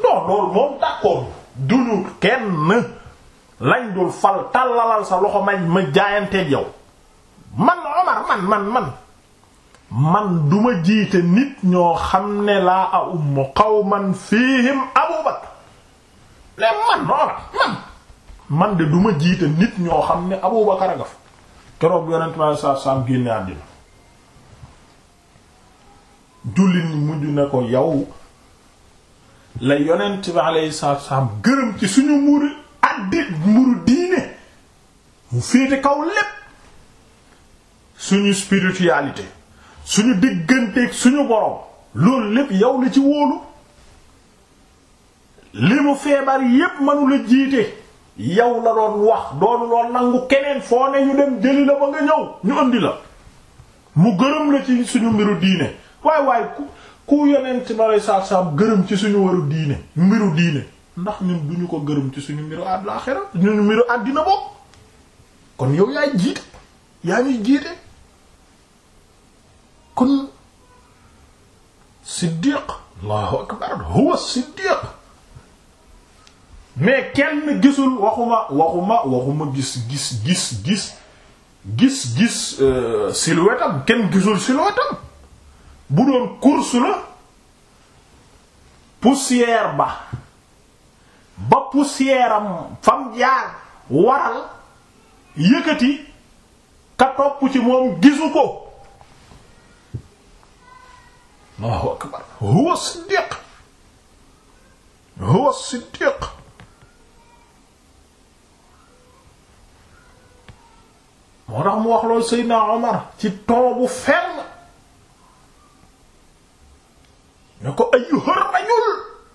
Speaker 1: non loolu moom d'accord duñu kenn lañ dul fal tallalal sa loxo mañ ma jaayanteeg yow man Omar man man man duma jiite nit ñoo xam ne laa a ummu qawman fiihim Abu Bakr ne man Omar man man de duma jiite nit ñoo xam ne Abu a nga fa keroog bi yonent ma saaf saam jullit ñi mujj na ko yow la yonent bi alayhi salaatu salaam gërëm ci suñu muru àddit muru diine mu féete kaw lépp suñu spiritualité suñu digganteeg suñu borom loolu lépp yow la ci wóolu li mu feebar yépp mënula jiite yow la doon wax doonu lool nangu keneen foo ne ñu dem jëli la ba nga ñëw ñu andi la mu gërëm la ci suñu mbiru diine waaye waaye ku ku yonent ci lay saab saab gërëm ci suñu waru diine mbiru diine ndax ñun du ñu ko gërëm ci suñu mbiru àllaaxira ñun mbiru àddina bopp kon yow yaay jiite yaa ñuy jiite kon siddiq allahu akbar siddiq mais kenn gisul waxuma waxuma waxuma gis gis gis gis gis gis euh, kenn gisul silhouette bu doon course la poussière ba ba poussière fam jaar waral yëkkati ka topp ci moom gisu ko Allahu akbar huwa siddiq moo tax mu wax loolu Seydina Omar ci ton bu ferme ne ko ayyuha rajul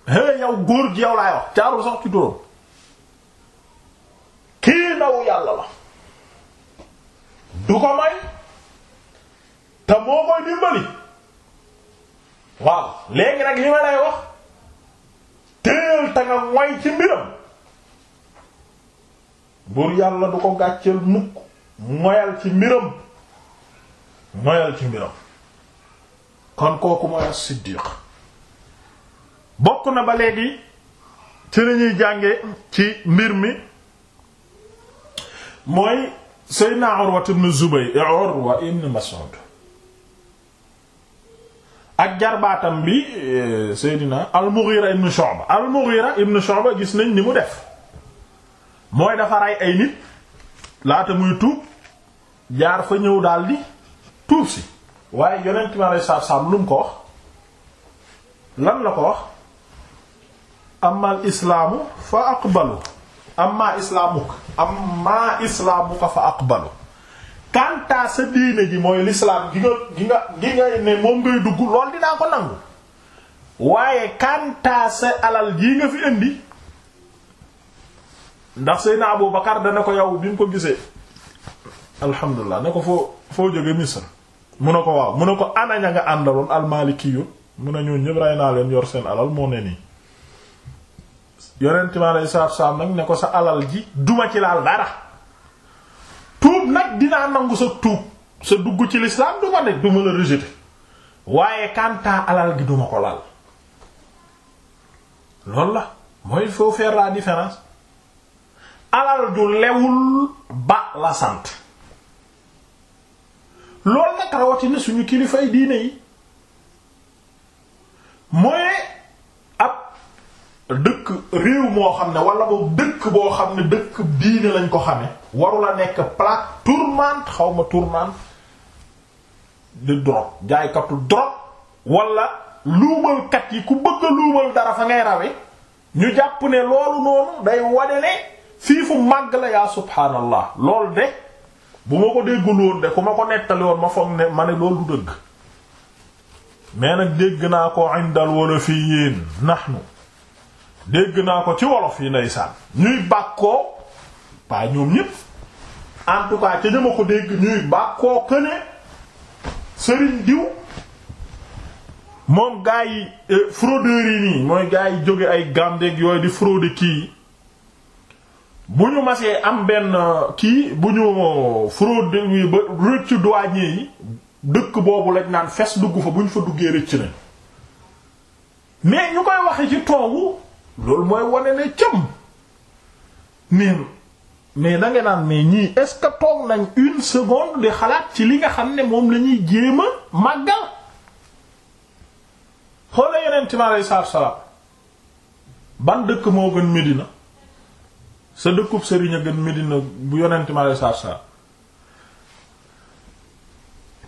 Speaker 1: hé yow góor gi yow laay wax jaarul sax ci turam kii ndaw yàlla la du ko may te moo koy dimbali waaw léegi nag li ma wax teel ta nga moy ci mbiram buur yàlla du ko gàcceel mukk moyal ci mbiram moyal ci mbiram kon kooku mooy as bokk na ba léegi ci li ñuy jànge ci mbir mi mooy Seydina Urwa ibn Zubayr eh, Urwa ibn Mas'ud ak jarbaatam bi eh, Seydina al-Mughira ibn Shu'ba al-Mughira ibn gis nañ ni mu def mooy dafa rey ay nit laata muy tuub jaar fa ñëw daldi tuub si waaye yonent mi alayhi salaatu salaam lu ko wax lan la ko wax amal islaamu fa aqbalu amma islaamuk amma islaamuka fa aqbalu kanta sa diine ji mooy lislaam gi nga gi nga gi nga ne moom ngay dugg lool dinaa ko nangu waaye kanta sa alal jii nga fi indi ndax Seydina Abu Bakar dana ko yow bi mu ko gisee alhamdulilah ne ko foo foo jóge Misr mu ne ko waaw mu ne ko ana ña nga àndaloon almaliki yu mun a ñëw ñëpp rey naa leen yor seen alal moo ne nii yonent mi alayhi salaatu salaam nag ne ko sa alal ji duma ci laal dara tuub nag dinaa nangu sa tuub sa dugg ci lislaam du ne duma la rejeté waaye kantaa alal gi duma ko laal loolu la mooy il faut faire la différence alal ju lewul ba la sant loolu nag rawatina suñu kilifay diine yi mooy ab dëkk réew moo xam ne wala boobu dëkk boo xam ne dëkk diine lañ ko xame warula nekk plaque tournante xaw ma tournante de drogue jaaykatu drogue wala yi ku bëgg a dara fa ngay rawe ñu jàpp ne loolu noonu day wane fii fu màgg la yaa subhaanallah lool de bu ma ko déggul woon de ku ma ko nettali woon ma foog ne ma ne loolu du dëgg mais nag dégg naa ko indal wolofiyin nahnu dégg naa ko ci wolof yi ndeysaan ñuy bàkkoo paa ñoom ñépp en tout cas ca ña ma ko dégg ñuy bàkkoo këne sëriñ diw moom gaa yi euh, fraudeurs nii mooy gaa yi jóge ay gàmdeeg yooyu di fraude kii bu ñu masee am benn euh, kii bu ñu euh, fraude yi ba rëcc douanier yi dëkk boobu lañ naan fes dugg fa bu ñu fa duggee rëcc nañ mais ñu koy waxe ci toogu loolu mooy wane ne cëm mais mais da naan mais ñii est-ce que toog nañ une seconde di xalaat ci li nga xam ne moom lañuy ñuy jéem a màggal xoola yeneen mi aleyi salaam ban dëkk moo gën Medina sa dëkkub sëriñ a gën Medina bu yonent ma lay saar-saar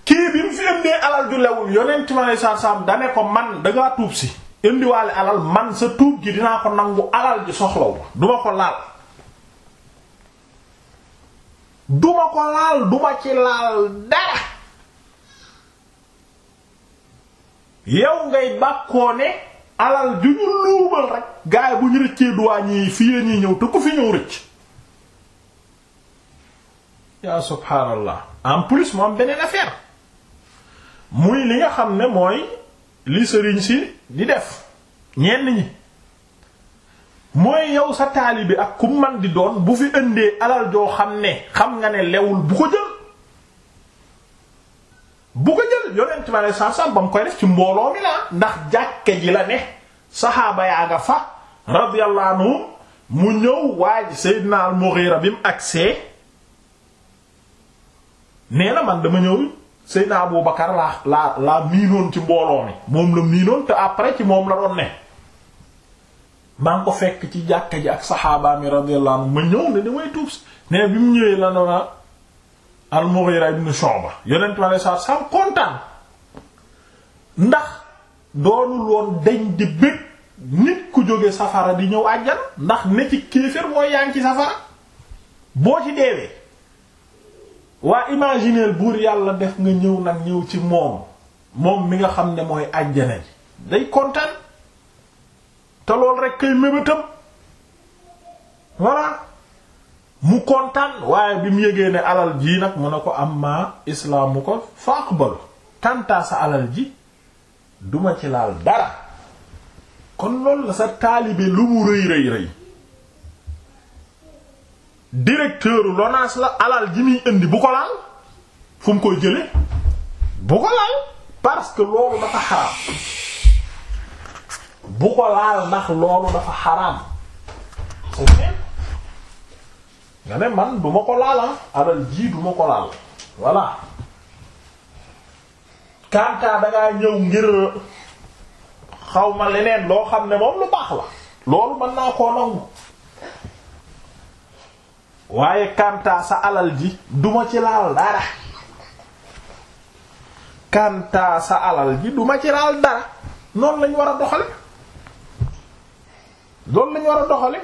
Speaker 1: kii bi mu fi indee alal ju lewul yonent ma lay saar-saar dane ko man dangaa tuub si indiwaale alal man sa tuub gi dinaa ko nangu alal ji soxlaw duma ko laal duma ko laal duma ci laal dara yow ngay bàkkoo alal ju ñu luubal rek gaay bu ñu rëccee duwaañ yi fi yéen ñi ñëw te ko fi ñëw rëcc yaa subhaanallah en plus moom beneen affaire muy li nga xam ne mooy li sëriñ si di def ñenn ñi mooy yow sa taalibe ak ku man di doon bu fi indee alal joo xam ne xam nga ne lewul bu ko jël bu ko jël yonent bi alei satu salaam ba mu koy def ci mbooloo mi la ndax jàkke ji la ne saxaaba yaa nga fa radiyallahu mu ñëw waaj Seydina al-Mughira bi mu agsee nee na man dama ñëw Seydina Abu Bakar laa laa laa miinoon ci mbooloo mi moom la miinoon te après ci moom la doon ne maa ngi ko fekk ci jàkka ji ak saxaaba mi radiyallahu ma ñëw ne damay tuub ne bi mu ñëwee la noona al-Mughira ibn Shu'ba yonent bi aleyhi salaatu kontaan ndax doonul woon dañ di bëgg nit ku jóge safara di ñëw àjjal ndax ne ci kéefër mooy yaa ngi ci safara boo ci deewee waa imaginer buur yàlla def nga ñëw nag ñëw ci moom moom mi nga xam ne mooy àjjana ji day kontaan te lool rek kay mébétam voilà mu kontaan waaye bi mu yëgee ne alal jii nag mu ne ko am ma islaamu ko fa aqbalu kantaa sa alal ji duma ci laal dara kon loolu la sa taalibe lu mu rëy rëy rëy directeur la alal ji muy indi bu ko laal fu mu koy jële bu ko laal parce que loolu dafa xaraam bu ko laal ndax loolu dafa xaraam nga ne man duma ko laal ah. alal jii duma ko laal voilà kantaa dangaa ñëw ngir xaw ma leneen loo xam ne moom lu baax la loolu mën naa koo nangu waaye kantaa sa alal ji duma ci laal dara kantaa sa alal ji duma ci laal dara noonu lañ war a doxale loolu lañ war a doxale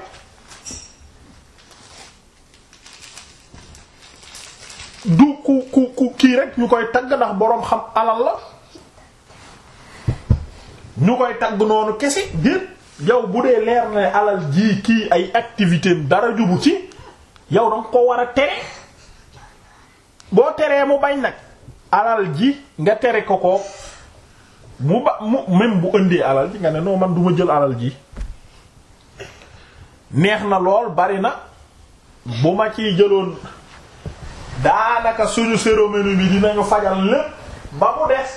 Speaker 1: du ku ku ku kii rek ñu koy tagg ndax boroom xam alal la ñu koy tagg noonu kese déet yow bu dee leer na alal ji kii ay activité dara jubu ci yow danga ko war a tere boo teree mu bañ nag alal ji nga tere ko ko mu ba mu même bu ëndee alal ji nga ne non man duma jël alal ji neex na lool bari na bu ma ciy jëloon daanaka suñu cérémonie bi dinañu fajal lépp ba mu des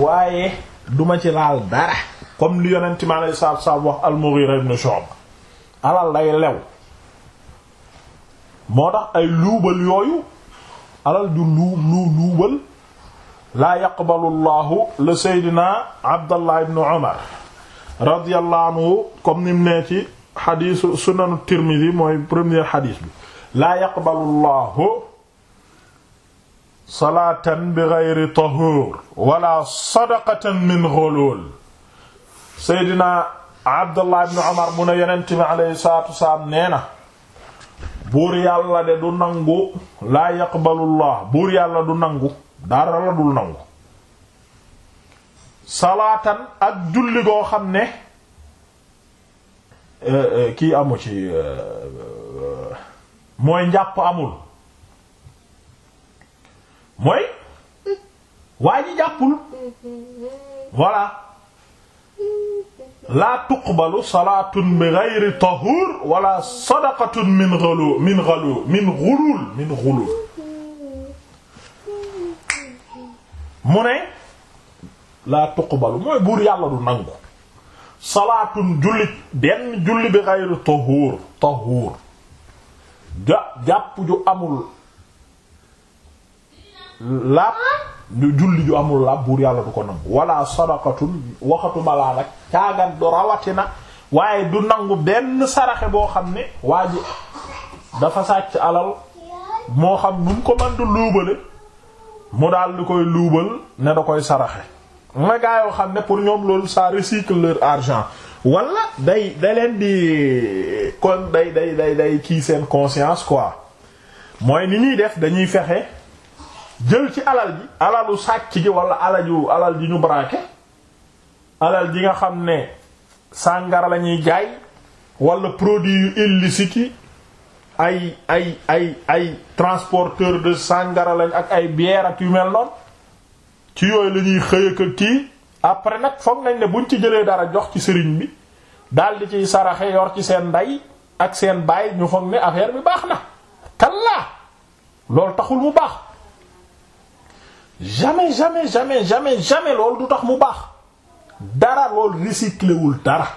Speaker 1: waaye duma ci laal dara comme li yonent mi alayhi salaatu salaam wax al ibn Shu'ba alal day lew moo tax ay luubal yooyu alal ju luub luu luubal laa yaqbalu llaahu la seydina Abdallah ibn Umar radiyallahu anhu comme nim nee ci sunanu Tirmidhi mooy premier xadiis bi laa yaqbalu llaahu salaatan bi geyri tahuur wala sadaqatan min xulul seydina abdullah ibni omar mu ne yonent bi aleyhi salatu wasalaam nee na buur yàlla de du nangu laa yaqbalullah buur yàlla du nangu dara la dul nangu salaatan ak julli goo xam ne eh, eh, kii amu ci eh, mooy njàpp amul mooy waa ji jàppul voilà laa tuqbalu salaatun bi ghayri tahuur wala sadaqatun min ghulul min ghulul min ghulul min ghulul mu ne laa tuqbalu mooy buur yàlla du nangu salaatun julli benn julli bi ghayri tahuur tahuur ja jàpp ju amul laab ñu julli ju amul laab buur yàlla du ko nangu wala sadaqatun waxatuma laa nag caagan du rawatina waaye du nangu benn saraxe boo xam ne waa ji dafa sàcc alal moo xam nu mu ko mën du luubale mu daal di koy luubal ne da koy saraxe ma gaa yoo xam ne pour ñoom loolu ça recycle leur argent wala day da leen di kon day day day day kii seen conscience quoi mooy ni ñuy def dañuy fexe jël ci alal ji alalu sàcc gi wala alal ju alal ji ñu braqué alal ji nga xam ne sàngara lañuy jaay wala produits yu illicite ay ay ay ay transporteur de sàngara lañ ak ay bière ak yu mel noonu ci yooy la ñuy xëy ak kii après nag foog nañ ne buñ ci jëlee dara jox ci sëriñ bi daal di ciy saraxe yor ci seen ndey ak seen baay ñu foog ne affaire bi baax na kallaa loolu taxul mu baax jamais jamais jamais jamais jamais loolu du tax mu baax dara loolu recyclé wul dara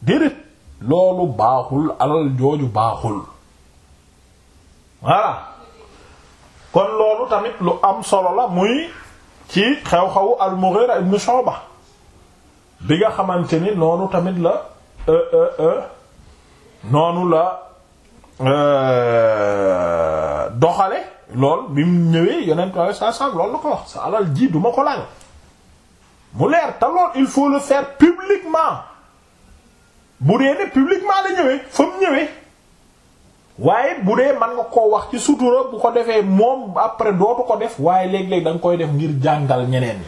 Speaker 1: déedéet loolu baaxul alal jooju baaxul voilà kon loolu tamit lu am solo la muy ci xew-xewu al-Mughira ibn Shuba bi nga xamante ni noonu tamit la euh, euh, euh, noonu la doxale lool bi mu ñëwee yonent waaye saa saa loolu la ko wax sa alal ji duma ko laal mu leer te lool il faut le faire publiquement bu dee ne publiquement la ñëwee fa mu ñëwee waaye bu dee man nga koo wax ci sutura bu ko defee moom après dootu ko def waaye léeg-léeg danga koy def ngir jàngal ñeneen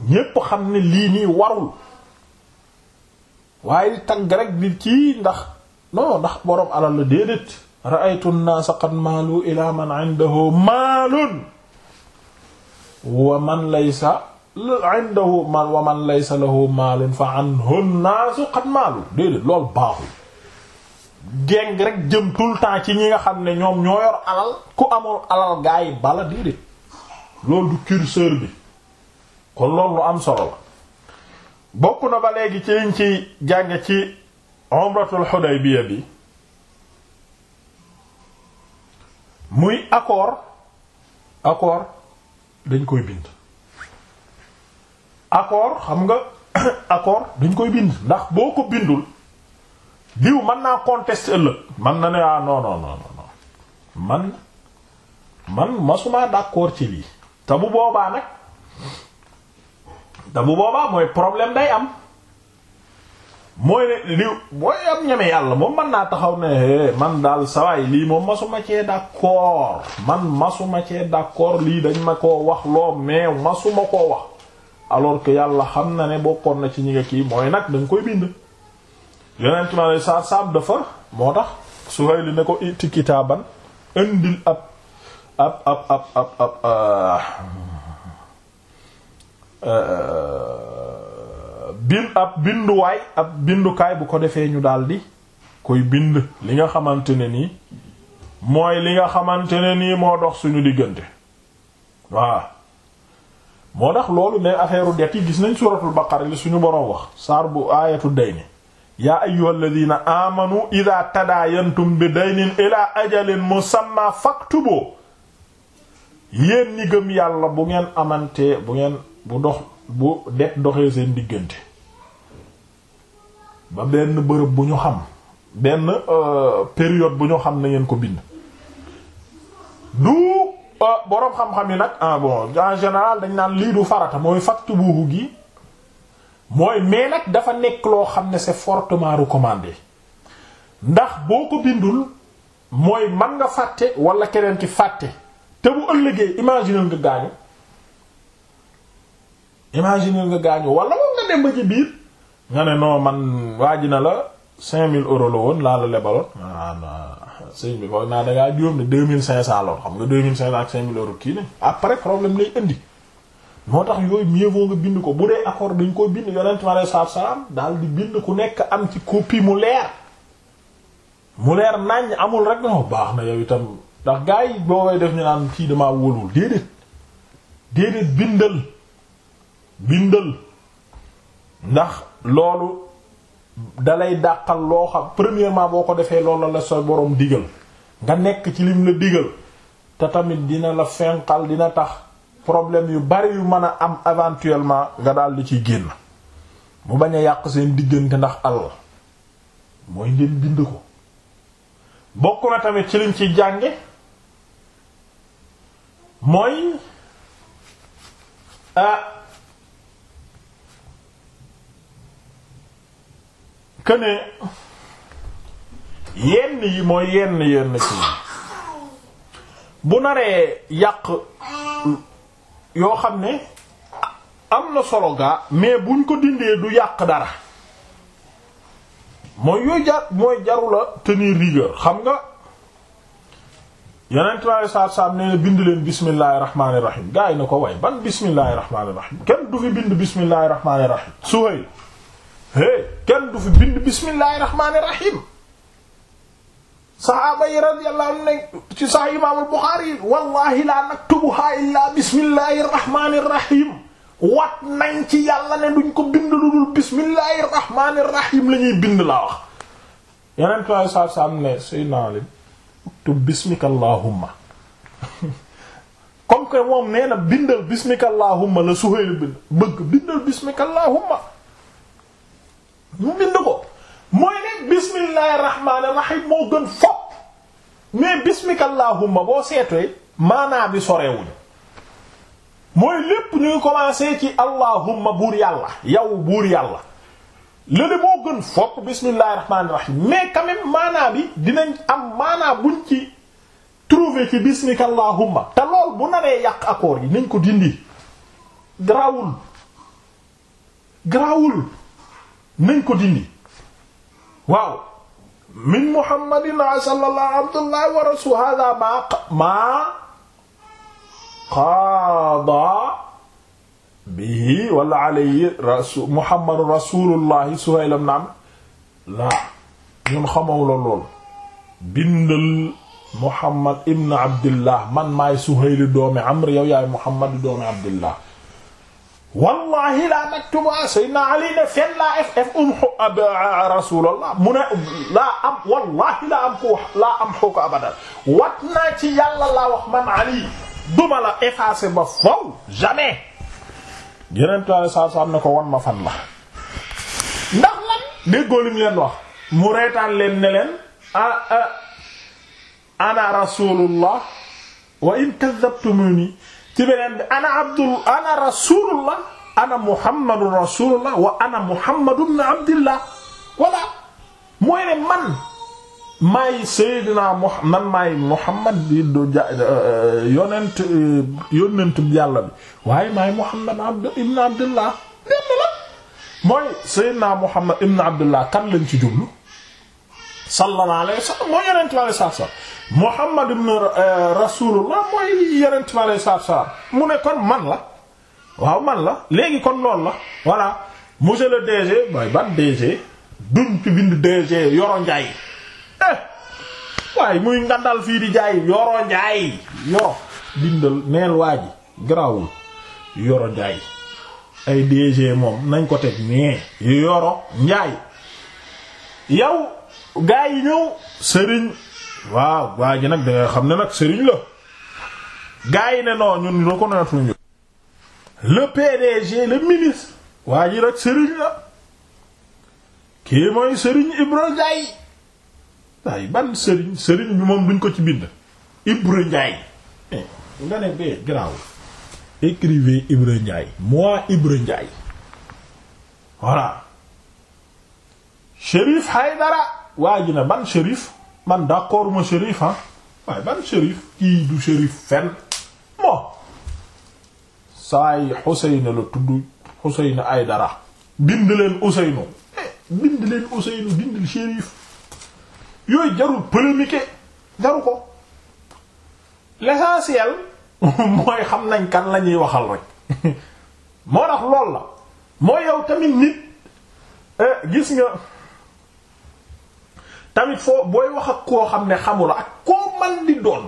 Speaker 1: ñi ñépp xam ne lii nii warul waaye tagg rek di kii ndax non ndax boroom alal la déedéet ra'aytu an-naasa qad maalu ila man 'indahu maalun wa man laysa 'indahu wa man laysa lahu maalun fa 'anhu an-naasu maalu déedéet loolu ci ñi nga xam ne ñoom ñoo yor alal ku amul alal gaa yi du curseur bi kon loolu lu am solo bokk na ba léegi ci liñ ci jàng ci umratul Hudaybiya bi muy accord accord dañ koy bind accord xam nga accord dañ koy bind ndax boo ko bindul diw mën naa contester ëllëg man na ne ah non non non non man man masuma d'accord ci lii te bu boobaa nag te boobaa mooy problème day am mooy ne li mooy am ñeme yàlla moom man naa taxaw ne eh, man daal sawaay lii moom masuma cee d'accord man masuma cee d'accord lii dañ ma ko wax loo mais masuma koo wax alors que yàlla xam na ne bokkoon na ci ñi nga kii mooy nag da koy bind yonent ma ne sa saab dafa moo tax Suhayl ne ko itti kitaaban indil ab ab ab ab ab ab ah, ah, ah, bin ab binduwaay ab bindukaay bu ko defee ñu daldi koy bind li nga xamante ne nii mooy li nga xamante ne nii moo dox suñu diggante waaw moo tax loolu ne affaire det yi gis nañ suratul baqara li suñu boroom wax saar bu aayatu dayni yaa ayyuhal ladina amanu idha tadaayantum bi daynin ila ajalin musamma ñi gëm yàlla bu ngeen amante bu ngeen bu dox bu det doxee seen diggante ba benn bërëb bu ñu xam benn euh, période bu ñu xam na ngeen ko bind du euh, boroom xam-xam yi nag ah bon en général dañ naan lii du farata mooy faktubuhu gi mooy mais nag dafa nekk loo xam ne c'est fortement recommandé ndax boo ko bindul mooy man nga fàtte wala keneen ki fàtte te bu ëllëgee imaginer nga gaañu imagine nga gaañu wala moom nga dem ba ci biir nga ne non man waaj na la cinq mille euros la woon laa la lebaloon maanaam ah, naa da ngaa juum deux mille cinq cent lool xam nga deux mille cinq cent ak cinq mille euros kii ne après problème lay indi moo tax yooyu mieux vaut nga bind ko bu dee accord dañ ko bind yonent mi alayhi salaatu salaam daal di bind ku nekk am ci copie mu leer mu leer nañ amul rek non baax na yow itam ndax gars yi boo koy def ñu naan bindal ndax loolu dalay dàqal loo xam premièrement boo ko defee loolu la sa borom digal nga nekk ci lim la digal te tamit dina la fenqal dina tax problème yu bari yu mën a am éventuellement nga daal di ciy génn mu bañ a yàq seen diggante ndax àll mooy ngeen bind ko bokk na tamit ci liñ ci jànge mooy ah këne yenn yi mooy yenn yenn ci bu naree yàq yoo xam ne am na solo gaa mais buñ ko dindee du yàq dara mooy yooyu jar mooy jarula tenir rigueur xam nga yeneen trois saab saab nee bind leen bismillahir rahmanir rahim gaa yi na ko way ban bismillahir rahmanir rahim kenn du fi bind bismillahir rahmanir rahim Suhayl hey kenn du fi bind bismillahir rahmanir rahim saxaaba yi radiyallahu anhu ne ci sax imaamul Buxaari wallahi laa naktubuhaa illaa bismillahir rahmanir rahim wat nañ ci yàlla ne duñ ko bind lu dul bismillahir rahmanir rahim la bind laa wax yeneen tuwaayu saab saab ne sayyidina Ali uktub bismika allahumma comme que moom nee na bindal allahumma la Suhayl bind bëgg bindal allahumma mu bind ko mooy nekk bismillahir rahmanir rahim moo gën fopp mais bismikallahumma boo seetee maanaa bi sorewuñu mooy lépp ñu ngi commencé ci allahumma buur yàlla yow buur yàlla lële moo gën fopp bismillahir rahmanir rahim mais quand même maanaa bi dinañ am maanaa buñ ci trouvé ci bismikallahumma te lool bu naree yàq accord yi nañ ko dindi grawul grawul nañ ko dindi waaw min muhammadin sallallahu abdullah wa rasul hada ma ma qaada bihi wala alayhi rasul muhammadu rasulullahi Suhayl ibn Amr laa ñun xamaw la lool bindal muhammad ibn abdillah man maay Suhayl doomi Amr yow yaay muhammad doomi abdillah wallahi la naktuba sayyidina ali ne fen laa f f umhu rasulullah mu ne laa am wallahi laa am ko laa am xoo abadan wat naa ci yàlla laa wax man ali duma la ba faw jamais yenentu alei salaam ne ko won ma fan la ndax lan déggoo lim leen wax mu reetaan leen ne ana rasulullah wa in kadhabtumuni ci beneen bi ana abdul ana rasulullah ana muhammadun rasulullah wa ana muhammadu ibn abdillah voilà mooy ne man maay sayyidina man maay muhammad di do euh, euh, yonent euh, yonent bi yàlla bi waaye maay muhammad abd ibn abdillah benn la mooy sayyidina muhammad ibn abdillah kan lañ ci jublu sallallahu alayhi wa sallam mooy yonent bi alayhi eh, mooy yonent bi alayhi salaatu mu ne kon man la waaw man la léegi kon lool la voilà monsieur le DG mooy ban DG duñ ci bind DG Yoro Ndiaye eh waaye muy fii di jaay Yoro Ndiaye Yoro bindal neel waa ji garaawul Yoro Ndiaye ay DG moom nañ ko teg nee Yoro Ndiaye yow gaa yi ñëw sëriñ waaw waa ji nag dangay xam ne nag sëriñ la gaa yi ne non ñun ñu le PDG le ministre waa ji nag sëriñ la kii mooy sëriñ Ibra Ndiaye waaye ban sëriñ sëriñ bi moom duñ ko ci bind Ibra Ndiaye eh, nga ne bee garaaw écrivez Ibra Ndiaye moi Ibra Ndiaye voilà Chérif Haydara waa ji ne ban shérif man d'accord ma shérif ah waaye ban shérif kii du shérif fenn moo saay Xuseyna la tudd Xuseyna ay dara bind leen Useynu eh, bind leen Useynu bind shérif yooyu jarul polémique jaru ko l'essentiel mooy xam nañ kan la ñuy waxal rek moo tax lool la mooy yow tamit nit eh, gis nga tamit foo booy wax ak koo xam ne xamula ak koo man di doon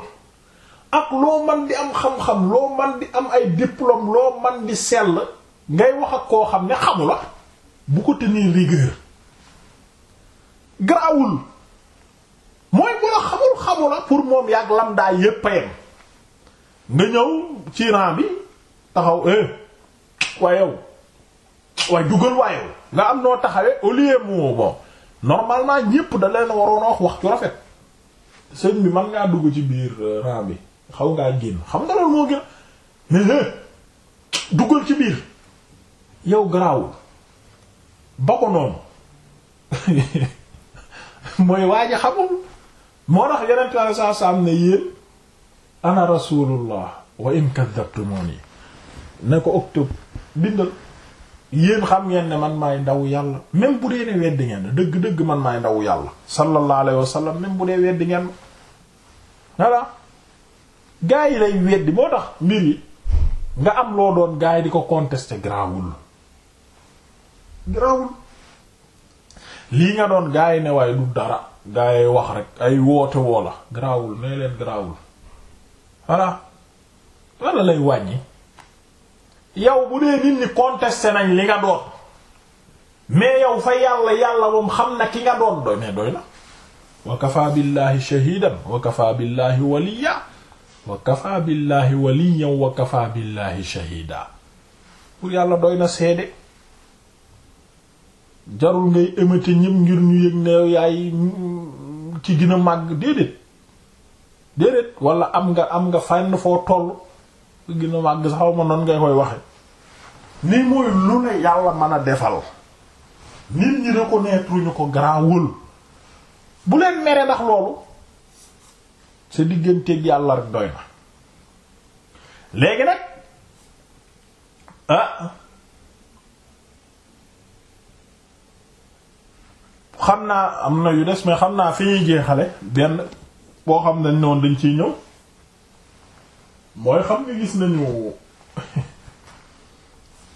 Speaker 1: ak loo man di am xam-xam loo man di am ay diplôme loo man di sell ngay wax ak koo xam ne xamula bu ko tenir rigueur garaawul mooy bu xamul xamula pour moom yàgg lam daa yépp a nga ñëw ci rang bi taxaw eh waaye waaye dugal waaye yow nga am noo taxawee au lieu mu bon normalement ñépp da leen waroon a wax wax ju rafet sëñ bi man ngaa dugg ci biir euh, rang bi xaw ngaa génn xam nga loolu moo gën duggal ci biir yow garaawul ba ko noonu mooy waaji xamul moo tax yeneen tare saa saa am ne yéen ana rasulullah wa in kadhabtumuni ne ko octobre bindal yéen xam ngeen ne man maay ndaw yàlla même bu dee ne weddi ngeen dëgg-dëgg man maay ndaw yàlla sallallahu alayhi wa sallam même bu dee weddi ngeen voilà gaa yi lay weddi moo tax mbir yi nga am loo doon gaa yi di ko contester grawul grawul lii nga doon gaa yi ne waaye du dara gaa yi wax rek ay woote woo la grawul nee leen grawul voilà wala lay wàññi yow bu dee nit ñi contesté nañ li nga doon mais yow fa yàlla yàlla moom xam na ki nga doon doy mais doy na wa kafa billahi shahidan wa kafa billahi waliya wa kafa billahi waliyan wa yàlla doy na seede jarul ngay émété ñëpp ngir ñu yëg ne yaay ci gën a màgg déedéet déedéet wala am nga am nga fànn foo toll gën a màgg sax xaw ma noonu ngay koy waxe ni mooy lu ne yàlla mën a defal nit ñi reconnaître ñu ko garaawul bu leen mere ndax loolu sa digganteeg yàlla rek doy na léegi nag ah xam naa am na yu des mais xam naa fi ñuy jeexale benn boo xam ne noonu dañ ciy ñëw mooy xam nga gis nañu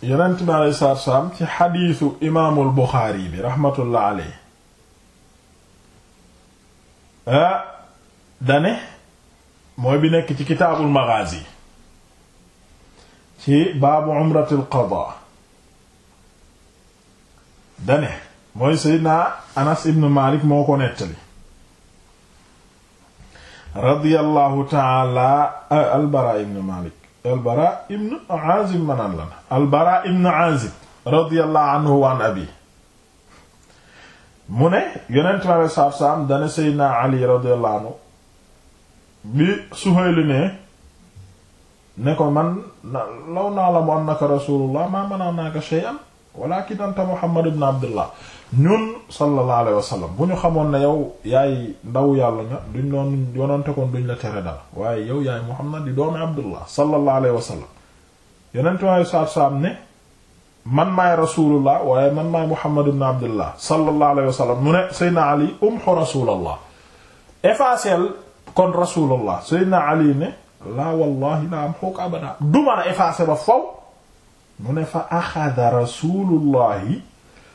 Speaker 1: yonent bi aleyhi salaatu salaam ci xadiisu imaamul Buxaari bi raxmatullah aleyhi ah dane mooy bi nekk ci kitaabul magaazi ci baabu umratil qadaa dane mooy Seydina Anas ibn Maalik moo ko radiyallahu taala eh, albara ibn malik albara ibn azib manaan lan albara ibn azib radiyallahu anhu wa an abi mu ne yonent mi alei satu salaam dana seydna ali radiyallahu anhu bi Suhayl ne ne ko man law naa la mu annaka rasulullah maa manaa naaka shay'an walakin anta Muhammad ibn Abdullah ñun sallallahu alayhi wa sallam bu ñu xamoon na yow yaay ndaw yàlla nga duñ doon yonante kon la tere dara waaye yow yaay Muhammad di doomi Abdullah sallallahu alayhi wa sallam yonente maayu saab-saab ne man maay rasulullah waaye man maay Muhammad ibn Abdullah sallallahu alayhi wa mu ne Seydina Ali umhu rasulullah effacer kon rasulullah Seydina Ali ne laa wallahi la am xuok abada duma la ba faw mu ne fa axada rasulullahi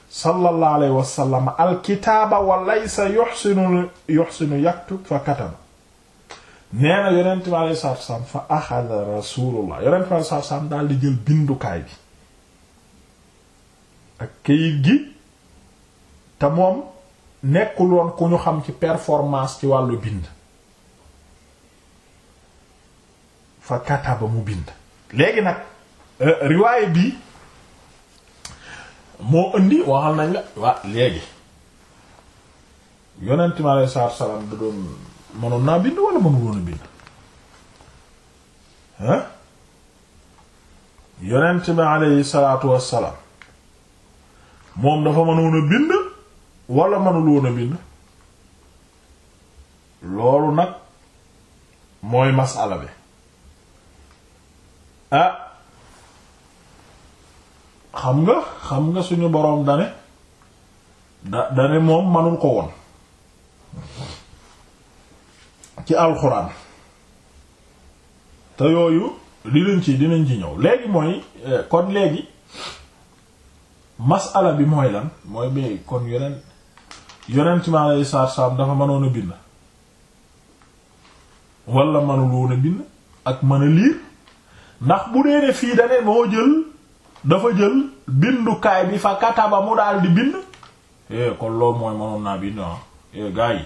Speaker 1: sallallahu alayhi wa sallam alkitaaba wa laysa yuxsinu yuxsinu yaktub fa kataba nee na yonent bi alei salatu wasalaam fa axada rasulullah yonent bi alei salatu wasalaam daal di jël bindukaay bi ak kayit gi te moom nekkul woon ku ñu xam ci performance ci wàllu bind fa kataba mu bind léegi nag Euh, riwaay bi moo indi waxal nañ la waa léegi yonent mi aleyhi salaatu wa salaam da doon mënoon naa bind wala mënu woon a bind moom dafa mënoon a loolu nag mooy masala bi ah, xam nga xam nga suñu boroom dane da dane moom manul ko woon ci alxuraan te yooyu li ci dinañ ci ñëw léegi mooy eh, kon léegi masala bi mooy lan mooy bi kon yeneen yeneen ci ma lay saar saam dafa mënoon a bind wala mënul woon a bind ak mën a liir ndax bu dee ne fii dane moo jël dafa jël bindukaay bi fa kataba mu daal di bind eh, kon loolu mooy mënoon naa bind ah eh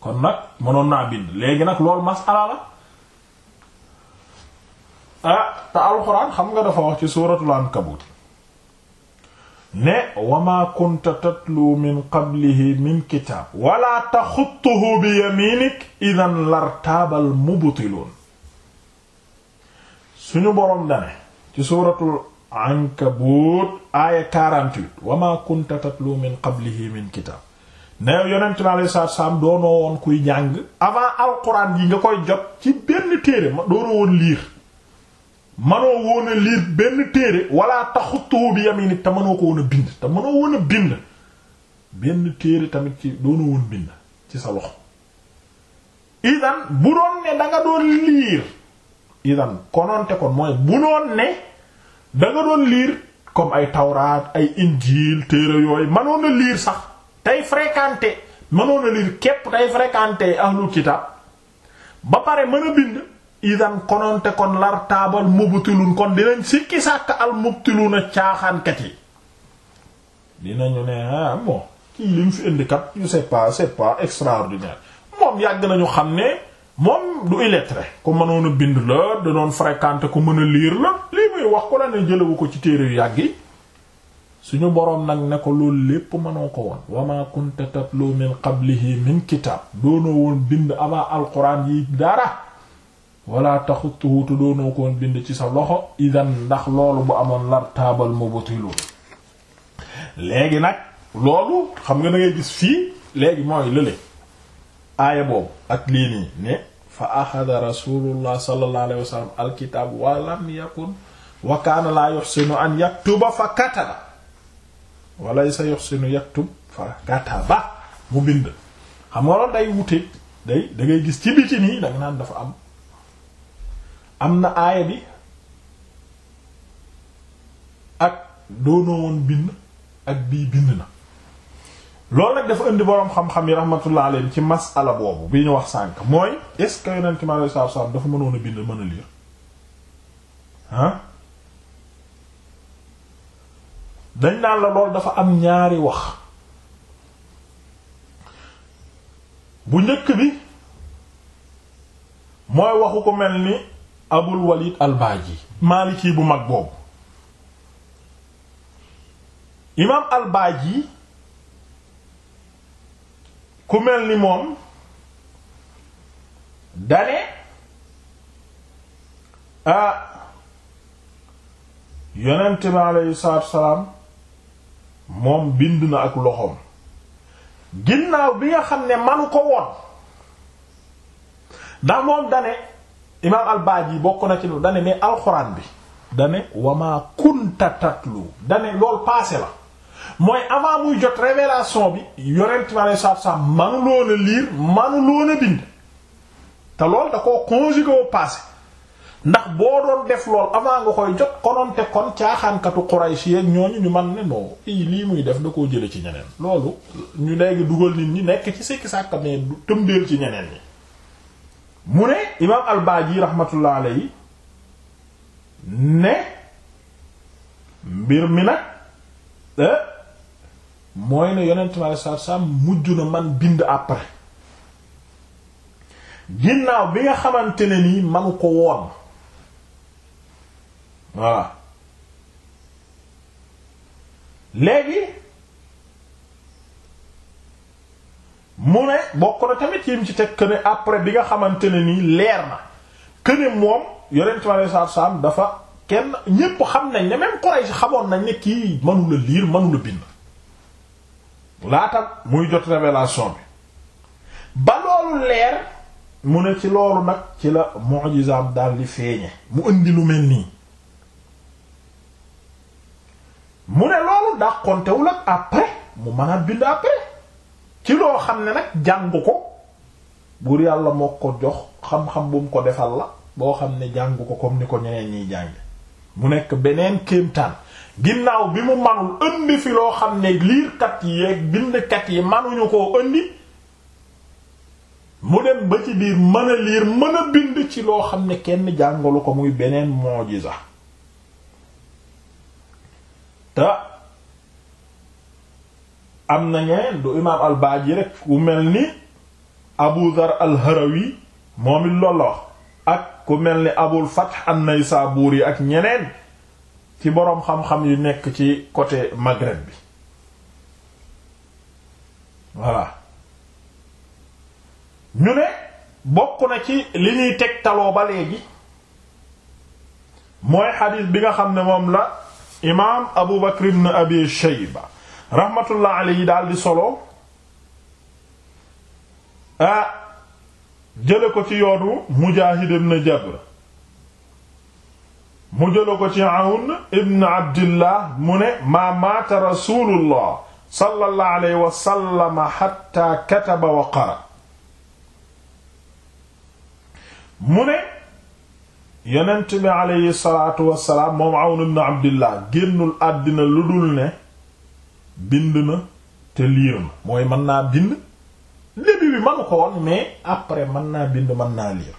Speaker 1: kon nag mënoon naa bind léegi nag loolu masala la ah te xam nga dafa wax ci suuratul ankabut ne wa maa kunta tatlu min qablihi min kitaab wala taxuttuhu bi yaminik idan lartaabal mubtiluun suñu boroom dane ci suuratul ankabut aaya 48 wama kunta tatlu min qablihi min kitab ne yonent bi alayhi doonoo woon kuy jàng avant alquran yi nga koy jot ci benn téere ma doonoo woon liir manoo woon a liir benn téere wala taxutuhu bi yaminik te ko woon a bind te woon a bind benn téere tamit ci doonoo woon bind ci sa loxo idan bu doon ne da doon liir idan kononte kon mooy bu noon ne da nga doon lire comme ay tawraat ay injiil téere yooyu manoon a lire sax tey fréquenter mënoon a lire képp tey fréquenter ahlul kitab ba pare mën a bind idan kononte kon lar taabal mubtilun kon dinañ sikki sàkk al mubtiluna caaxaankat yi dinañu ne ah bon kii li fi indi kat je sais pas c'est pas extraordinaire moom yàgg nañu xam ne moom du illettré ku mënoon bind la da doon fréquenter ku mën a liir la lii muy wax ko la ne jëlewu ko ci téere yu yàgg yi suñu boroom nag ne ko loolu lépp mënoo ko woon wama kunta tatlu min qablihi min kitaab doonoo woon bind avant alquran yi dara wala taxutuhu te doonoo ko bind ci sa loxo idan ndax loolu bu amoon lar taabal mubtilun léegi nag loolu xam nga da ngay gis fii léegi mooy lële aaya boobu ak lii nii ne fa axada rasulullah sallallahu alayhi wa sallam alkitaab wa lam yakun wa kaana fa kataba mu bind xam nga loolu day wuteeg day da ngay gis ci biti nii danga naan dafa am am na aaya bi ak doonoo woon bind ak bii bind na lool nag dafa indi boroom xam-xam yi rahmatullah alayhi ci masala boobu bi ñu wax sànk mooy est-ce que yonent mi alayhi salaatu salaam dafa mënoon bind mën a lire dañ naan la loolu dafa am ñaari wax bu njëkk bi mooy waxu ko mel ni Abul Walid al-Baaji Maliki bu mag boobu imaam al-Baaji ku mel ni moom dane ah yonent bi moom bind na ak loxoom ginnaaw bi nga xam ne manu ko woon ndax moom dane imaam al-Baaji bokk na ci lu dane mais alxuraan bi dane wamaa kunta dane lool paase la mooy avant muy jot révélation bi yorent ma lay saabsaab manu loon a liir manu loon a te lool da koo conjugué au ndax boo doon def lool avant nga koy jot konoon te kon caaxaankatu Quraysh yeeg ñooñu ñu man ne non i lii muy def da koo jële ci ñeneen loolu ñu léegi dugal nit ñi nekk ci sikki sàkka mais du tëmbeel ci ñeneen ñi mu ne imaam al-Baaji rahmatullah ne mbir mi nag eh, mooy ne yonent mi alayhi salaatu salaam mujj na man bind après ginnaaw bi nga xamante ne nii manu ko woon voilà léegi mu ne bokk na tamit yim ci teg que ne après bi nga xamante ne nii leer na que moom yonent mi alayhi salaatu salaam dafa kenn ñépp xam nañ ne même Quraysh xamoon nañ ne kii mënu la lire mënu bind. laata muy jot révélation bi ba loolu leer mu ne ci loolu nag ci la mu'jizaam daal di feeñe mu indi lu mel nii mu ne loolu dàqontewul ak après mu mën a bind après ci loo xam ne nag jàng ko buur yàlla moo ko jox xam-xam bu mu ko defal la boo xam ne jàng ko comme ni ko ñeneen ñiy jàng mu nekk beneen kéemtaan ginnaaw bi mu manul indi fi loo xam ne liirkat yi ak bindkat yi manuñu koo indi mu dem ba ci biir mën a liir mën a bind ci loo xam ne kenn jàngalu ko muy beneen mujiza te am na ñeen du imaam al-Baaji rek ku mel ni Abu Dhar al-Harawi moom it loolu ak ku mel ni Abul Fath an yi ak ñeneen ci boroom xam-xam yu nekk ci côté Maghreb bi voilà ñu ne bokk na ci li ñuy tegtaloo ba léegi mooy xadiis bi nga xam ne moom la imaam Abu Bakr ibn Abi Shayba rahmatullah alayhi daal di solo ah jële ko ci yoonu Mujaahid ibn Jabr mu jëla ko ci awn ibn abdillah mu ne maa maata rasulullah sallallahu wa sallam hatta kataba wa qara mu ne yonent bi alayhi salaatu wassalaam moom awn ibn abdillah génnul àddina lu dul ne bind na te liir na mooy mën naa bind début bi manu ko woon mais après mën naa bind mën naa liir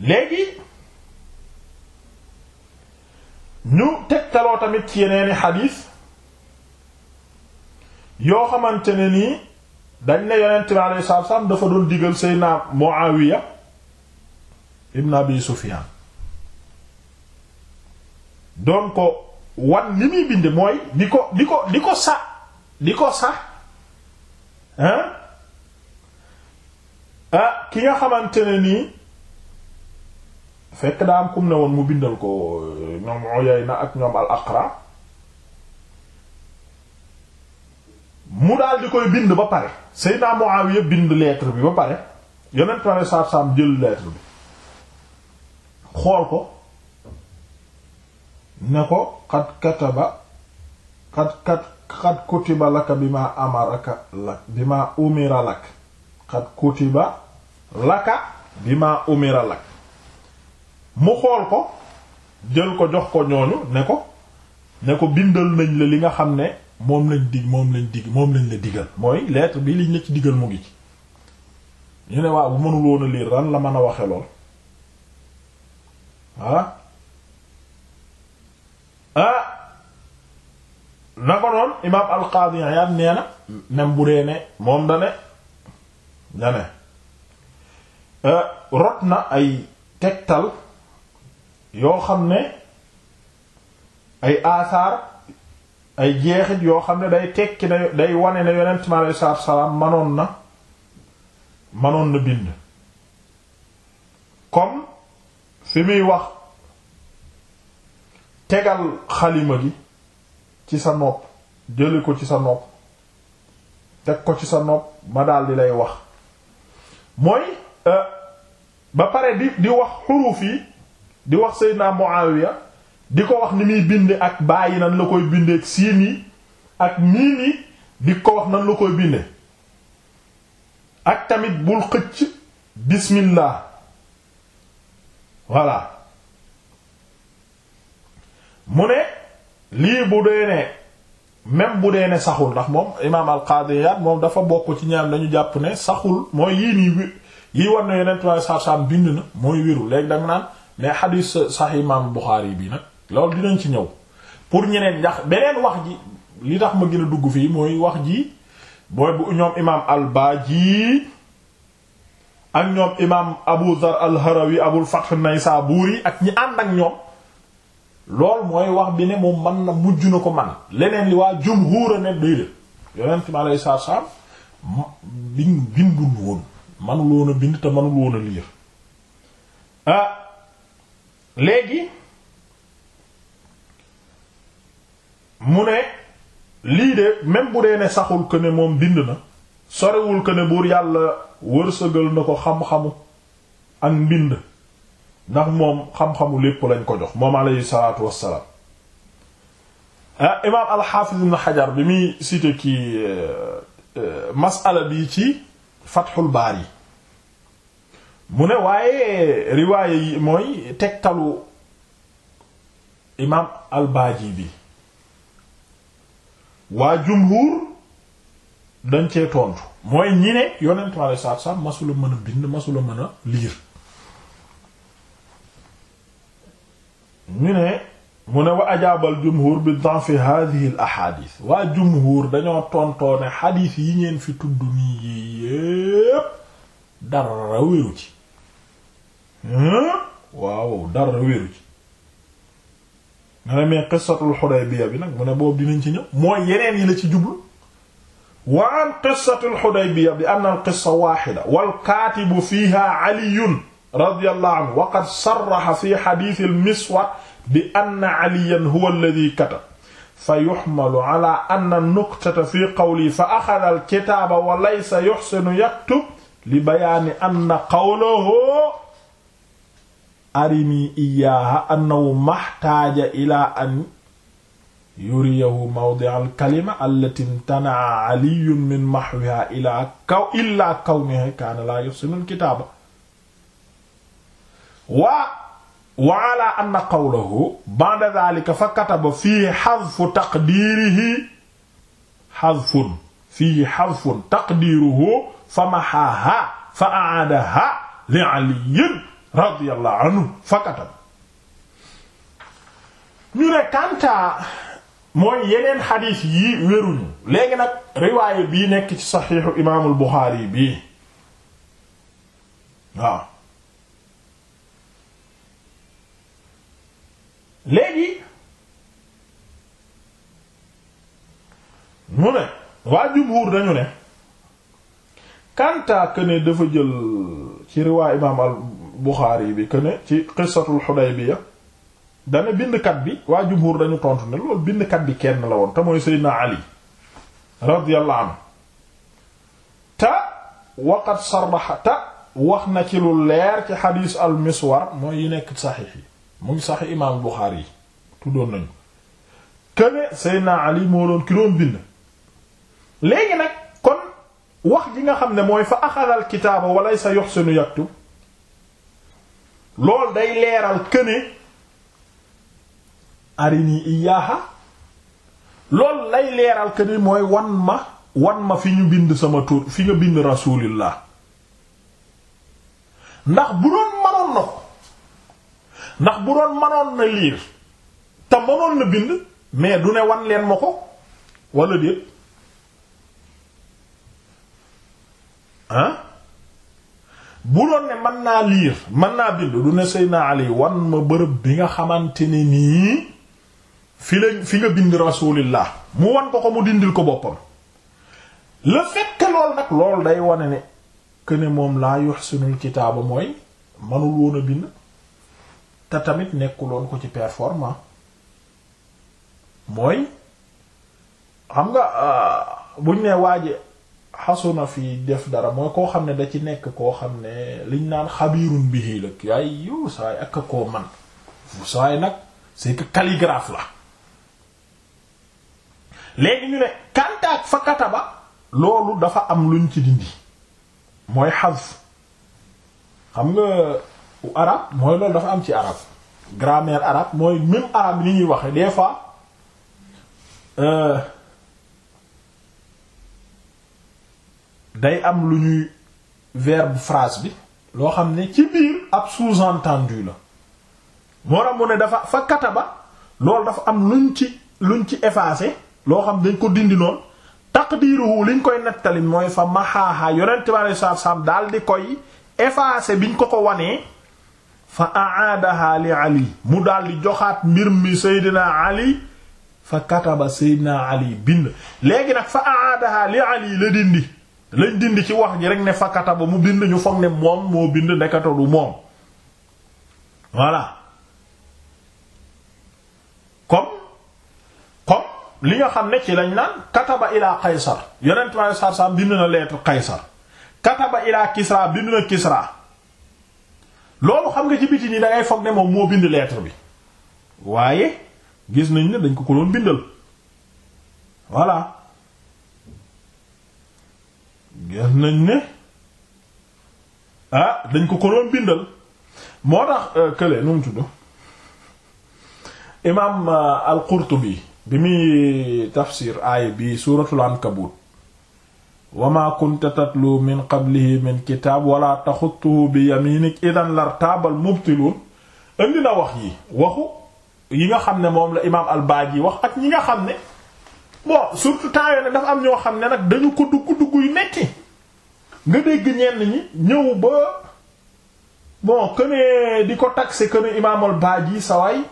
Speaker 1: léegi ñu tegtaloo tamit ci yeneeni xadiis yoo xamante ne nii dañ ne yonent bi alayhi salaatu salaam dafa doon digal Seydina Muawiya ibn Abi Sufyaan doon ko wan li muy bind mooy di ko di ko di ko sax di ko sax hein ah, ki nga xamante ne nii fekk daa am kum ne woon mu bindal ko euh, ñoom Uyayna ak ñoom al-Aqra mu daal di koy bind ba pare Seydina Muawiya bind lettre bi ba pare yeneen pare saab-saab jël lettre bi xool ko ne ko xad kataba xad kat xad kutiba laka bi ma amaraka lak bi ma umira lak xad kutiba laka bi ma umira lak mu xool ko jël ko jox ko ñooñu ne ko ne ko bindal nañ la li nga xam ne moom lañ dig moom lañ dig moom lañ la digal mooy lettre bi liñ la ci diggal mu ngi ci ñu ne waaw bu mënul ran la mën a waxe lool ah ah na ko noon imaam al-Qadi Iyad nee na même bu dee ne moom da ne da ne eh, rot na ay tegtal yoo xam ne ay asaar ay jeexit yoo xam ne day tekki ne day wane na yonent mi aleyhi salaatu salaam manoon na manoon na bind kon fi muy wax tegal xalima gi ci sa nopp jëli ko ci sa nopp teg ko ci sa nopp ma daldi lay wax mooy euh, ba pare di di wax xuruf yi di wax Seydina Muawiya di ko wax ni muy binde ak bàyyi nan la koy bindee ak siin yi ak miin di ko wax na la koy binde ak tamit bul xëcc bismillah voilà mu ne lii bu dee ne même bu dee ne saxul ndax moom imaam al-Qadiyaat moom dafa bokk ci ñaar dañu jàpp ne saxul mooy yii nii yi war na yeneen trois cent bind na mooy wiru léegi danga naan mais xadiis sax imaam Buxaari bi nag loolu dinañ ci ñëw pour ñeneen ndax beneen wax ji li tax ma gën a dugg fii mooy wax ji mooy bu ñoom imaam al-Baaji ak ñoom imaam Abu Dhar al-Harawi Abul Fath an-Naysaburi ak ñi ànd ak ñoom lool mooy wax bi ne moom man na mujj na ko man leneen li waa jumhuur ne day de yonent mi alayhi salaatu salaam biñ bindul woon manul woon a bind te manul woon a liir ah, léegi mu ne lii de même bu dee ne saxul que moom bind na sorewul que ne buur yàlla wërsëgal na ko xam-xamu ak mbind ndax moom xam-xamu lépp lañ ko jox moom aleyhi salaatu wassalaam ah imaam alxaafiz ibn xajar bi muy cité ki euh, euh, masala bi ci fatxul baar yi mu ne waaye riwaaye yi mooy tegtalu imaam albaaji bi waa jumhur dañ cee tontu mooy ñi ne yonentu Yàlla masula mën a bind masula mën a liir ñu mu ne wa ajaabal jumhur bi danfi hadhihi al ahadith waa jumhur dañoo tontoo ne xadiis yi ngeen fi tudd nii yépp dara wéru ci waaw dara wéru ci nga ne mais qissatul Hudaybiya bi nag mu ne boobu dinañ ci ñëw mooy yeneen yi la ci jublu wa an qissatul Hudaybiya bi anna al qissa wahida wal katibu fiha aliyun radiyallahu anhu wa qad sarraha fi hadith al miswar bi anna aliyan huwa alladhi katab fa yuhmalu ala anna nuktata fi qawli fa akhadha al kitaba wa laysa yuhsinu yaktub li bayani anna qawluhu arini iyaaha annahu maxtaaja ila an yuriyahu mawdi' al-kalima allati imtana'a aliyun min mahwiha ila kaw illa kawnihi kaana laa yuhsinu al-kitaaba wa wa ala anna qawlahu ba'da dhaalika fa kataba fiihi hadfu taqdiirihi hadfun fiihi hadfun taqdiiruhu fa mahaaha fa a'aadaha li 'aliyyin radiyallahu anhu fakatam ñu ne kantaa mooy yeneen xadiis yi wéruñu léegi nag riwaaye bii nekk ci saxiixu imaamul Buxaari bii waaw léegi mu ne waa jumhuur dañu ne kantaa que ne dafa jël ci riwaayu imaam bu Buxaari bi que ne ci qissatul Xudaybiya dana bindkat bi waa jumhur dañu tontu ne bi kenn la woon te mooy Seydina Ali radiyallahu anhu wax na ci lu leer ci xadiis al miswar mooy yi nekk saxiix yi mu ngi saxiix imaam Buxaari yi tuddoon nañu këne Seydina Ali moo doon ki doon bind léegi kon wax ji nga xam ne mooy fa axadal kitaaba wa laysa yuxsinu yaktub loolu day leeral këne arini iyaaha loolu lay leeral këne mooy wan ma wan ma fi ñu bind sama tuut fi nga bind rasulillah ndax bu doon manoon na ko ndax bu doon manoon na liir te mënoon na bind mais du ne wan leen ma ko wala déet ah bu doon ne mën naa liir mën naa bind du ne Seydina Ali wan ma bërëb bi nga xamante ni nii fi la fi nga bind rasulillah mu wan ko ko mu dindil ko boppam le fait que lool nag lool day wane ne que moom laa yuhsinul kitaaba mooy manul woon a bind te tamit nekkuloon ko ci performant mooy xam nga euh, buñ ne waaje xasuna fii def dara mooy koo xam ne da ci nekk koo xam ne liñ naan xabiirun bihi la yaay yow saa yi ak koo man saa nag c'est que calligraphe la léegi ñu ne kantaak fa kataba loolu dafa am luñ ci dindi mooy xas xam nga arab mooy loolu dafa am ci arab grammaire arabe mooy même arabe li ñuy waxe des fois euh, day am lu ñuy verbe phrase bi loo xam ne ci biir ab sous-entendu la moo tax ne dafa fa kataba loolu dafa am luñ ci luñ ci effacé loo xam dañ ko dindi noonu taqdiruhu liñ koy nettali mooy fa maxaaxaa yonent bi alei satu salaam daal di koy effacé biñ ko ko wanee fa aadaha li ali mu daal di joxaat mbir mi seydina ali fa kataba seydina ali bind léegi nag fa aadaha li ali la dindi lañ dindi ci wax ji rek ne fakata ba mu bind ñu foog ne moom moo bind ndekete du moom voilà comme comme li nga xam ne ci lañ naan kataba ilaa Qaysar yonent ma sarsam bind na lettre Qaysar kataba ilaa Kisra bind na Kisra loolu xam nga ci biti nii da foog ne moom moo bind lettre bi waaye gis nañ ne dañ ko ko doon bindal voilà gis nañ ne ah dañ ko ko doon bindal moo tax euh, kële nu tudd imaam euh, al-Qurtubi bi muy tafsir aaya bi suuratul ankabut wa ma kunta tatlu min qablihi min kitaab wala taxuttuhu bi yaminik idan lartaabal mubtiluun indi na wax yi waxu yi nga xam ne moom la imaam al-Baaji wax ak ñi nga xam ne bon surtout temps yoo ne dafa am ñoo xam ne nag dañu ko dugg dugg yu metti nga dégg ñenn ñi ñëw ba bon que di ko taxé que ne imaamal baaji sawaay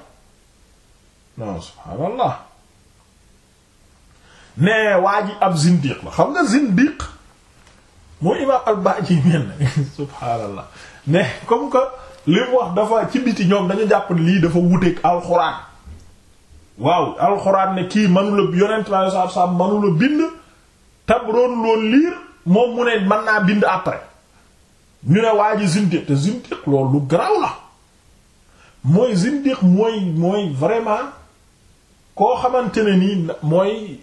Speaker 1: saway subhaanallah ne waa ji ab zindiq la xam nga zindiq mooy imaam al baaji mel na subhaanallah ne comme que li mu wax dafa ci biti ñoom dañu jàpp lii dafa wuteeg alxuraan. waaw alxuraan ne kii manula yonent ma saab saab manula bind tab roon loolu liir moom mu ne mën naa bind après ñu ne waa ji zindiq te zindiq loolu lu la mooy zindiq mooy mooy vraiment koo xamante ne nii mooy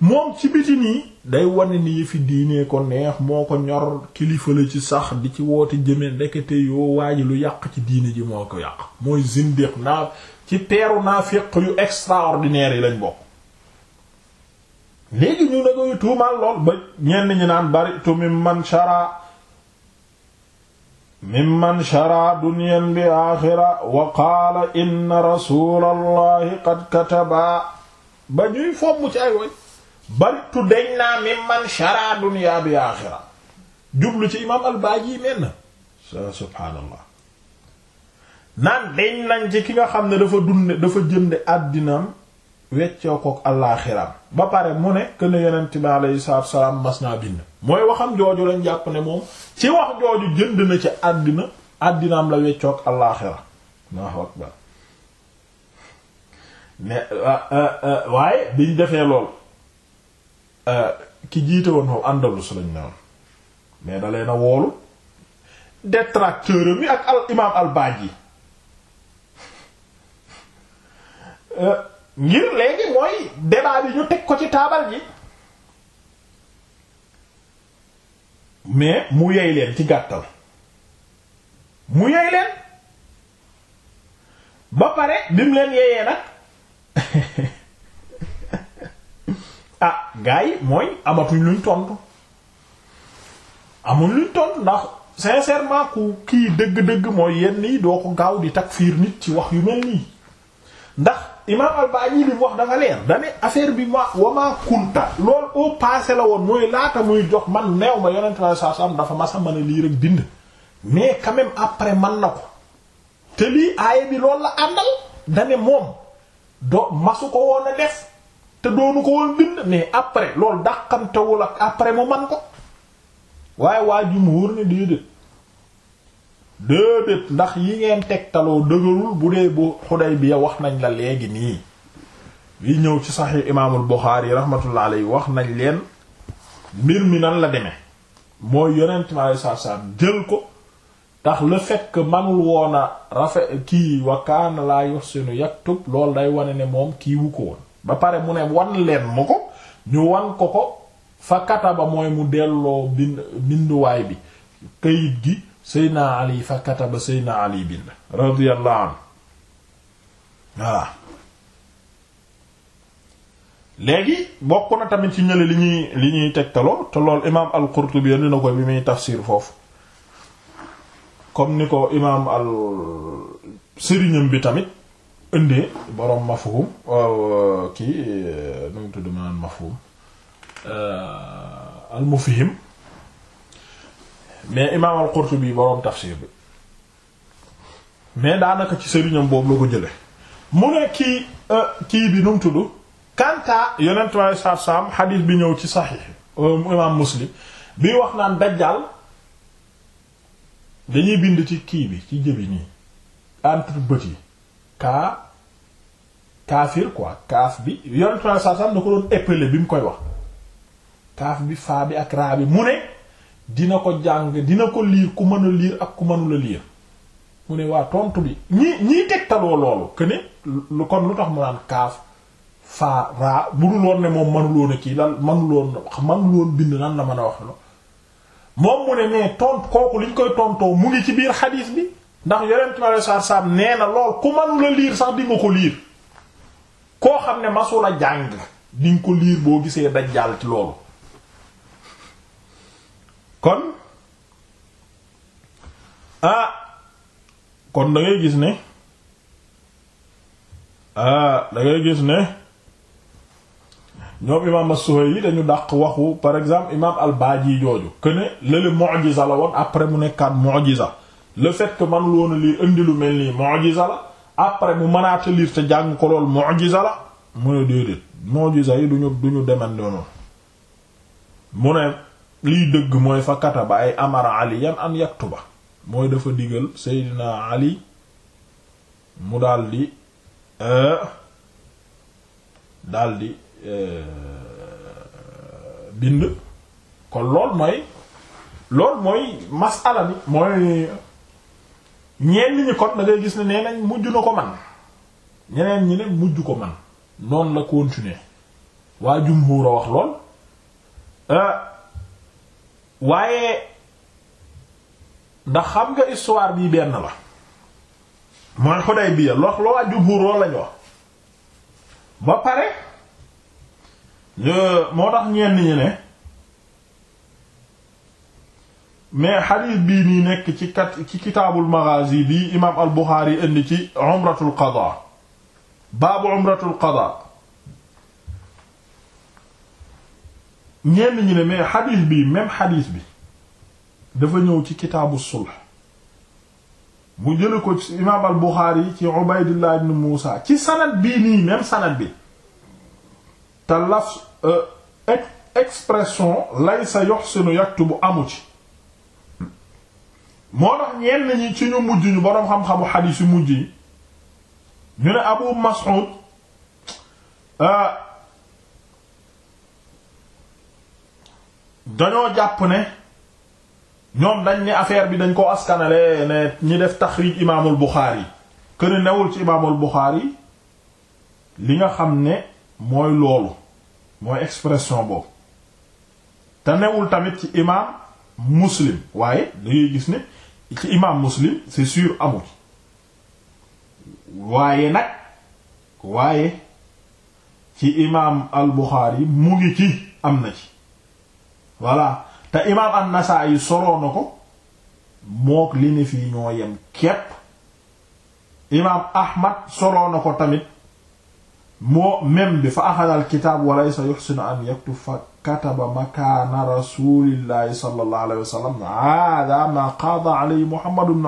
Speaker 1: moom ci biti nii day wan ni yëfi diinee ko neex moo ko ñor kilifa la ci sax di ci woote jëme ndekete yoo waa lu yàq ci diine ji moo ko yàq mooy zindiq naa ci teeru naafiq yu extraordinaire yi lañ bokk léegi ñu ne koy tuumaal lool ba ñi naan bari tu mim man shara mimman shara dunyan bi aaxira wa qaala inna rasulallahi qad kataba ba ñuy fomm ci ay way baritu deñ naa mimman shara dunya bi aaxira jublu ci imaam al baaji menn subhaanallah naan deñ nañ ci ki nga xam ne dafa dunde dafa jënd àddinaam weccoo kook ba pare mu ne que ne yonent bi aleyhi salaatu salaam mas bind mooy waxam jooju lañ jàpp ne moom ci wax ci àddina àddinaam la weccoo ak allaaxira Allahu akbar ne euh, euh, euh, waaye biñ defee lool ki jiite woon moom Andalus lañ ne mais da leen woolu détracteur mi ak al imaam al Baaji Euh, ngir léegi mooy débat bi ñu teg ko ci taabal ji mais mu yey leen ci gàttal mu yey leen ba pare bi mu leen yeyee nag ah gars mooy amatuñ luñ tontu amuñ luñ tontu ndax sincèrement ku kii dëgg-dëgg mooy yenn yi doo ko gaaw di takfiir nit ci wax yu mel nii ndax imaam al-Baaji li mu wax dafa leer dane affaire bi ma maa kunta lool au passé la woon mooy laata muy jox man neew ma yonente na saa dafa masa mën lii rek bind mais quand même après man na ko te lii aaya bi loolu la àndal dane moom do masu ko woon a def te doonu ko woon bind mais après loolu dàqantewul ak après mu man ko waaye waa jumhur ne déedéet déedéet ndax yi ngeen tegtaloo dëgërul bu dee bu Xudaybiya wax nañ la léegi nii li ñëw ci saxiix imaamul Buxaari rahmatullah alayhi wax nañ leen mbir mi nan la deme mooy yonent mi alayhi salaatu salaam jël ko tax le fait que manul woon rafet kii wa kaana laa yuhsinu yaktub loolu day wane ne moom kiiwu ko woon ba pare mu ne wan leen mu ko ñu wan ko ko fa kataba mooy mu delloo bind binduwaay bi kayit gi seydna ali fa kataba seydna ali bind radiyallahu anhu voilà léegi bokk na tamit ci ñële li ñuy li ñuy tegtaloo te lool imaam al-Qurtubi andi na ko bi muy tafsir foofu comme ni ko imaam al sëriñam bi tamit indee boroom mafhum kii nu mu tudd ma naan mafhum euh, mais imaam al-Qurtubi boroom tafsir bi mais daanaka ci sëriñam boobu la ko jële mu ne kii euh, kii bi nu mu tudd kanta yonentu Yàlla xadiis bi ñëw ci saxiix euh, imaam Muslim bi wax naan dajjaal dañuy bind ci kii bi ci jëbi nii entre bët yi kaa kaafir quoi kaaf bi yonentu Yàlla saaf saam ko doon épeler bi mu koy wax kaaf bi faa bi ak raa bi mu ne dina ko jàng dina ko liir ku mën a liir ak ku mënula liir mu ne waa tontu bi ñii ñii tegtaloo loolu que lu kon lu tax mu naan kaaf faa raa bu dul woon ne moom mënuloon a kii lan mënuloon mënuloon bind nan la mën a wax la moom mu ne nee tont kooku liñ koy tontoo mu ngi ci biir xaliis bi ndax yonent mi alei satu salaam nee na lool ku mënula liir sax di nga ko liir koo xam ne masula jàng di nga ko liir boo gisee dajjaal ci loolu kon ah kon dangay gis ne ah dangay gis ne ñoom imaam as-Suhayli dañu dàq waxu par exemple imaam al-Baaji jooju que lële mu'jiza la woon après mu nekkaat mu'jiza le fait que man loona lii indi lu mel nii mu'jiza la après mu mënaata liir te jàng ko lool mu'jiza la mu ne déedéet mu'jiza yi duñu duñu deman mu ne liy dëgg mooy fa kataba ay amara aliyan an yaktuba mooy dafa digal seydina ali mu daldi euh, daldi euh, bind kon lool mooy lool mooy masala bi mooy ñenn ñi kon da ngay gis ne nee nañ na ko man ñeneen ñi ne mujj ko man noonu la continuer waa jumhuur a wax lool euh, waaye ndax xam nga histoire bii benn la mooy Hudaybiya lox loo aju buur lañ wax ba pare moo tax ñenn ñi ne mais xadiis bii nii nekk ci kat ci kitaabul maghazi bii imaam al Buxaari indi ci umratul qadaa baabu umratul qadaa ñenn ñu ne mais xadiis bi même xadiis bi dafa ñëw ci kitaabu sulh mu jële ko ci imaam al Buxaari ci Ubaydullah ibn Muusa ci sanad bii nii même sanad bi te laf euh, sa laysa yuhsinu bu amu ci moo tax ñenn ñi ci ñu mujj ñu boroom xam-xamu xadiis yu mujj yi ñu ne Abu Mas'ud euh, dañoo jàpp ne ñoom dañ ne affaire bi dañ koo askanale ne ñi def taxrij imaamul Buxaari kër newul ci imaamul Buxaari li nga xam ne mooy loolu mooy expression boobu te newul tamit ci imaam Muslim waaye da ngay gis ne ci imaam Muslim c'est sûr amul waaye nag waaye ci imaam al Buxaari mu ngi ci am na ci voilà te imaam an-Nasaa'i soloo ko mook li ne fii ñoo yem imaam Ahmad soloo na ko tamit moo même bi fa axada al kitaab wa laysa yuxsinu an yaktub fa kataba makaana rasulillahi sallallahu alayhi wa sallam hada ma qaada alayhi Muhammad ibn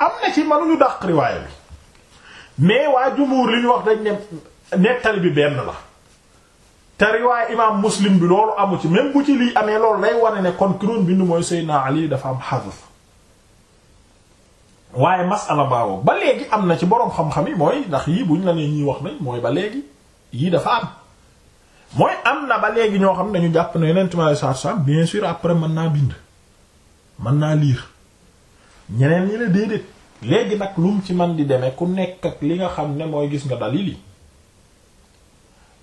Speaker 1: am na ci mënuñu dàq riwaaya bi mais waa jumuur li ñu wax dañ nettali bi benn la te riwaay imaam muslim bi loolu amul ci même bu ci lii amee loolu day wane ne kon ki doon bind mooy naa Ali dafa am xaduf waaye masala baawo ba léegi am na ci boroom xam-xam yi mooy ndax yii buñ la nee ñii wax nañ mooy ba léegi yii dafa am mooy am na ba léegi ñoo xam ne dañu jàpp ne yeneen temeraire sarsam bien sûr après mën naa bind mën naa liir ñeneen ñi la déedéet léegi nag lum ci man di demee ku nekk ak li nga xam ne mooy gis nga dalil yi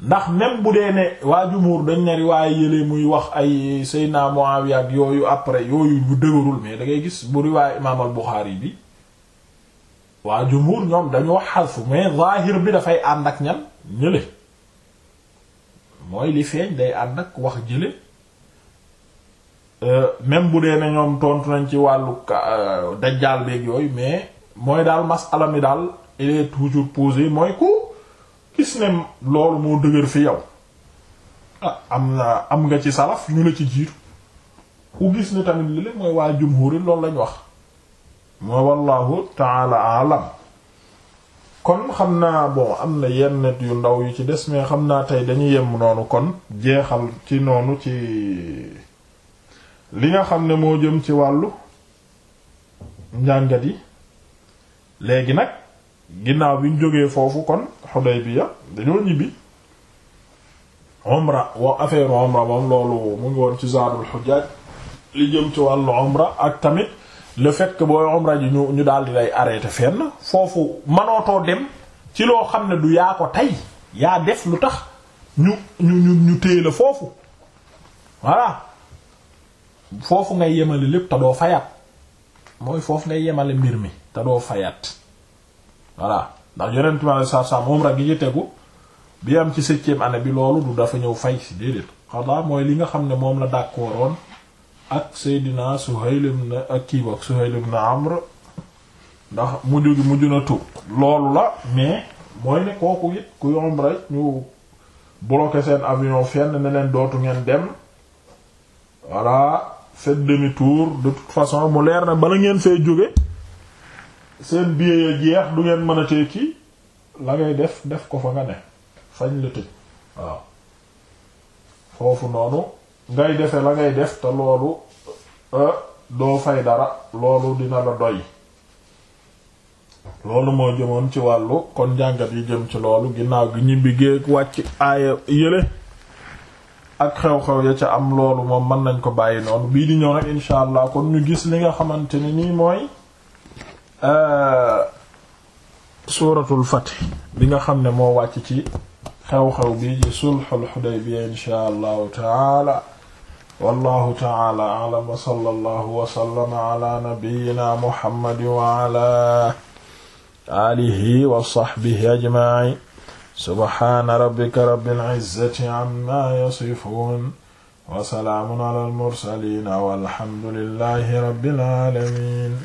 Speaker 1: ndax même bu dee ne waa jumuur dañ ne riwaaye yële muy wax ay Seydina Muawiya ak yooyu après yooyu bu dëgërul mais da ngay gis bu riwaaye imaam al Buxaari bi waa jumuur ñoom dañu wax xalfu mais zaahir bi dafay ànd ak ñan ñële mooy li feeñ day ànd ak wax jële euh, même bu dee ne ñoom tontu nañ ci wàllu euh, dajjaal beeg yooyu mais mooy daal masala mi daal il toujours posé mooy ku gis ne loolu moo dëgër fi yow ah am na am nga ci salaf ñu la ci jiitu ku gis ne tamit li mooy waa jumhur loolu lañ wax mooy wallahu taala alam kon xam naa bon am na yenn yu ndaw yu ci des mais xam naa tey dañu yemm noonu kon jeexal ci noonu ci li nga xam ne moo jëm ci wàllu njàngat yi léegi nag ginnaaw bi ñu jógee foofu kon Xudaybiya dañoo ñibbi umra wa affaire umra moom loolu mu ngi woon ci Zaadul Xujjaaj li jëm ci wàllu umra ak tamit lu fekk booy umra ji ñu ñu daal di lay arrêté fenn foofu mënootoo dem ci loo xam ne du yaa ko tey yaa def lu tax ñu ñu ñu ñu téye la foofu voilà foofu ngay yemale lépp te doo fayaat mooy foofu ngay yemale mbir mi te doo fayaat. voilà ndax yonent mi alei satu selaam umra gi ci tegu bi am ci septième année bi loolu du dafa ñëw fay si déedéet xadaa mooy li nga xam ne moom la d'accordoon ak Seydina Suhayl ibn ak kii ak Suhayl ibn Amr ndax mujj gi mujj na tuub loolu la mais mooy ne kooku it ku umra ñu bloqué seen avion fenn ne leen dootu ngeen dem voilà fait demi tour de toute façon mu leer na bala ngeen fee jóge seen billet ya jeex du ngeen mën a tee kii la ngay def def ko fa nga ne fañ la tëj waaw foofu noonu ngay defe la ngay def te loolu euh, doo fay dara loolu dina la doy loolu moo jëmoon ci wàllu kon jàngat yi jëm ci loolu ginnaaw gi ñibbi géeg wàcc aaya yële ak xew-xew ya ca am loolu moom mën nañ ko bàyyi noonu bii di ñëw nag insha allah kon ñu gis li nga xamante ni nii mooy Euh, suuratul fath bi nga xam ne moo wàcc ci xew-xew bi ci sulhul Hudaybiya insha allahu taala wallahu taala a'lam wa sallallahu wa sallama ala nabiyyina Muhammad wa ala alihi wa sahbihi ajma'in subhana rabbika rabbil izzati amma yasifun wa salaamun ala al mursalin walhamdulillahi rabbil alamin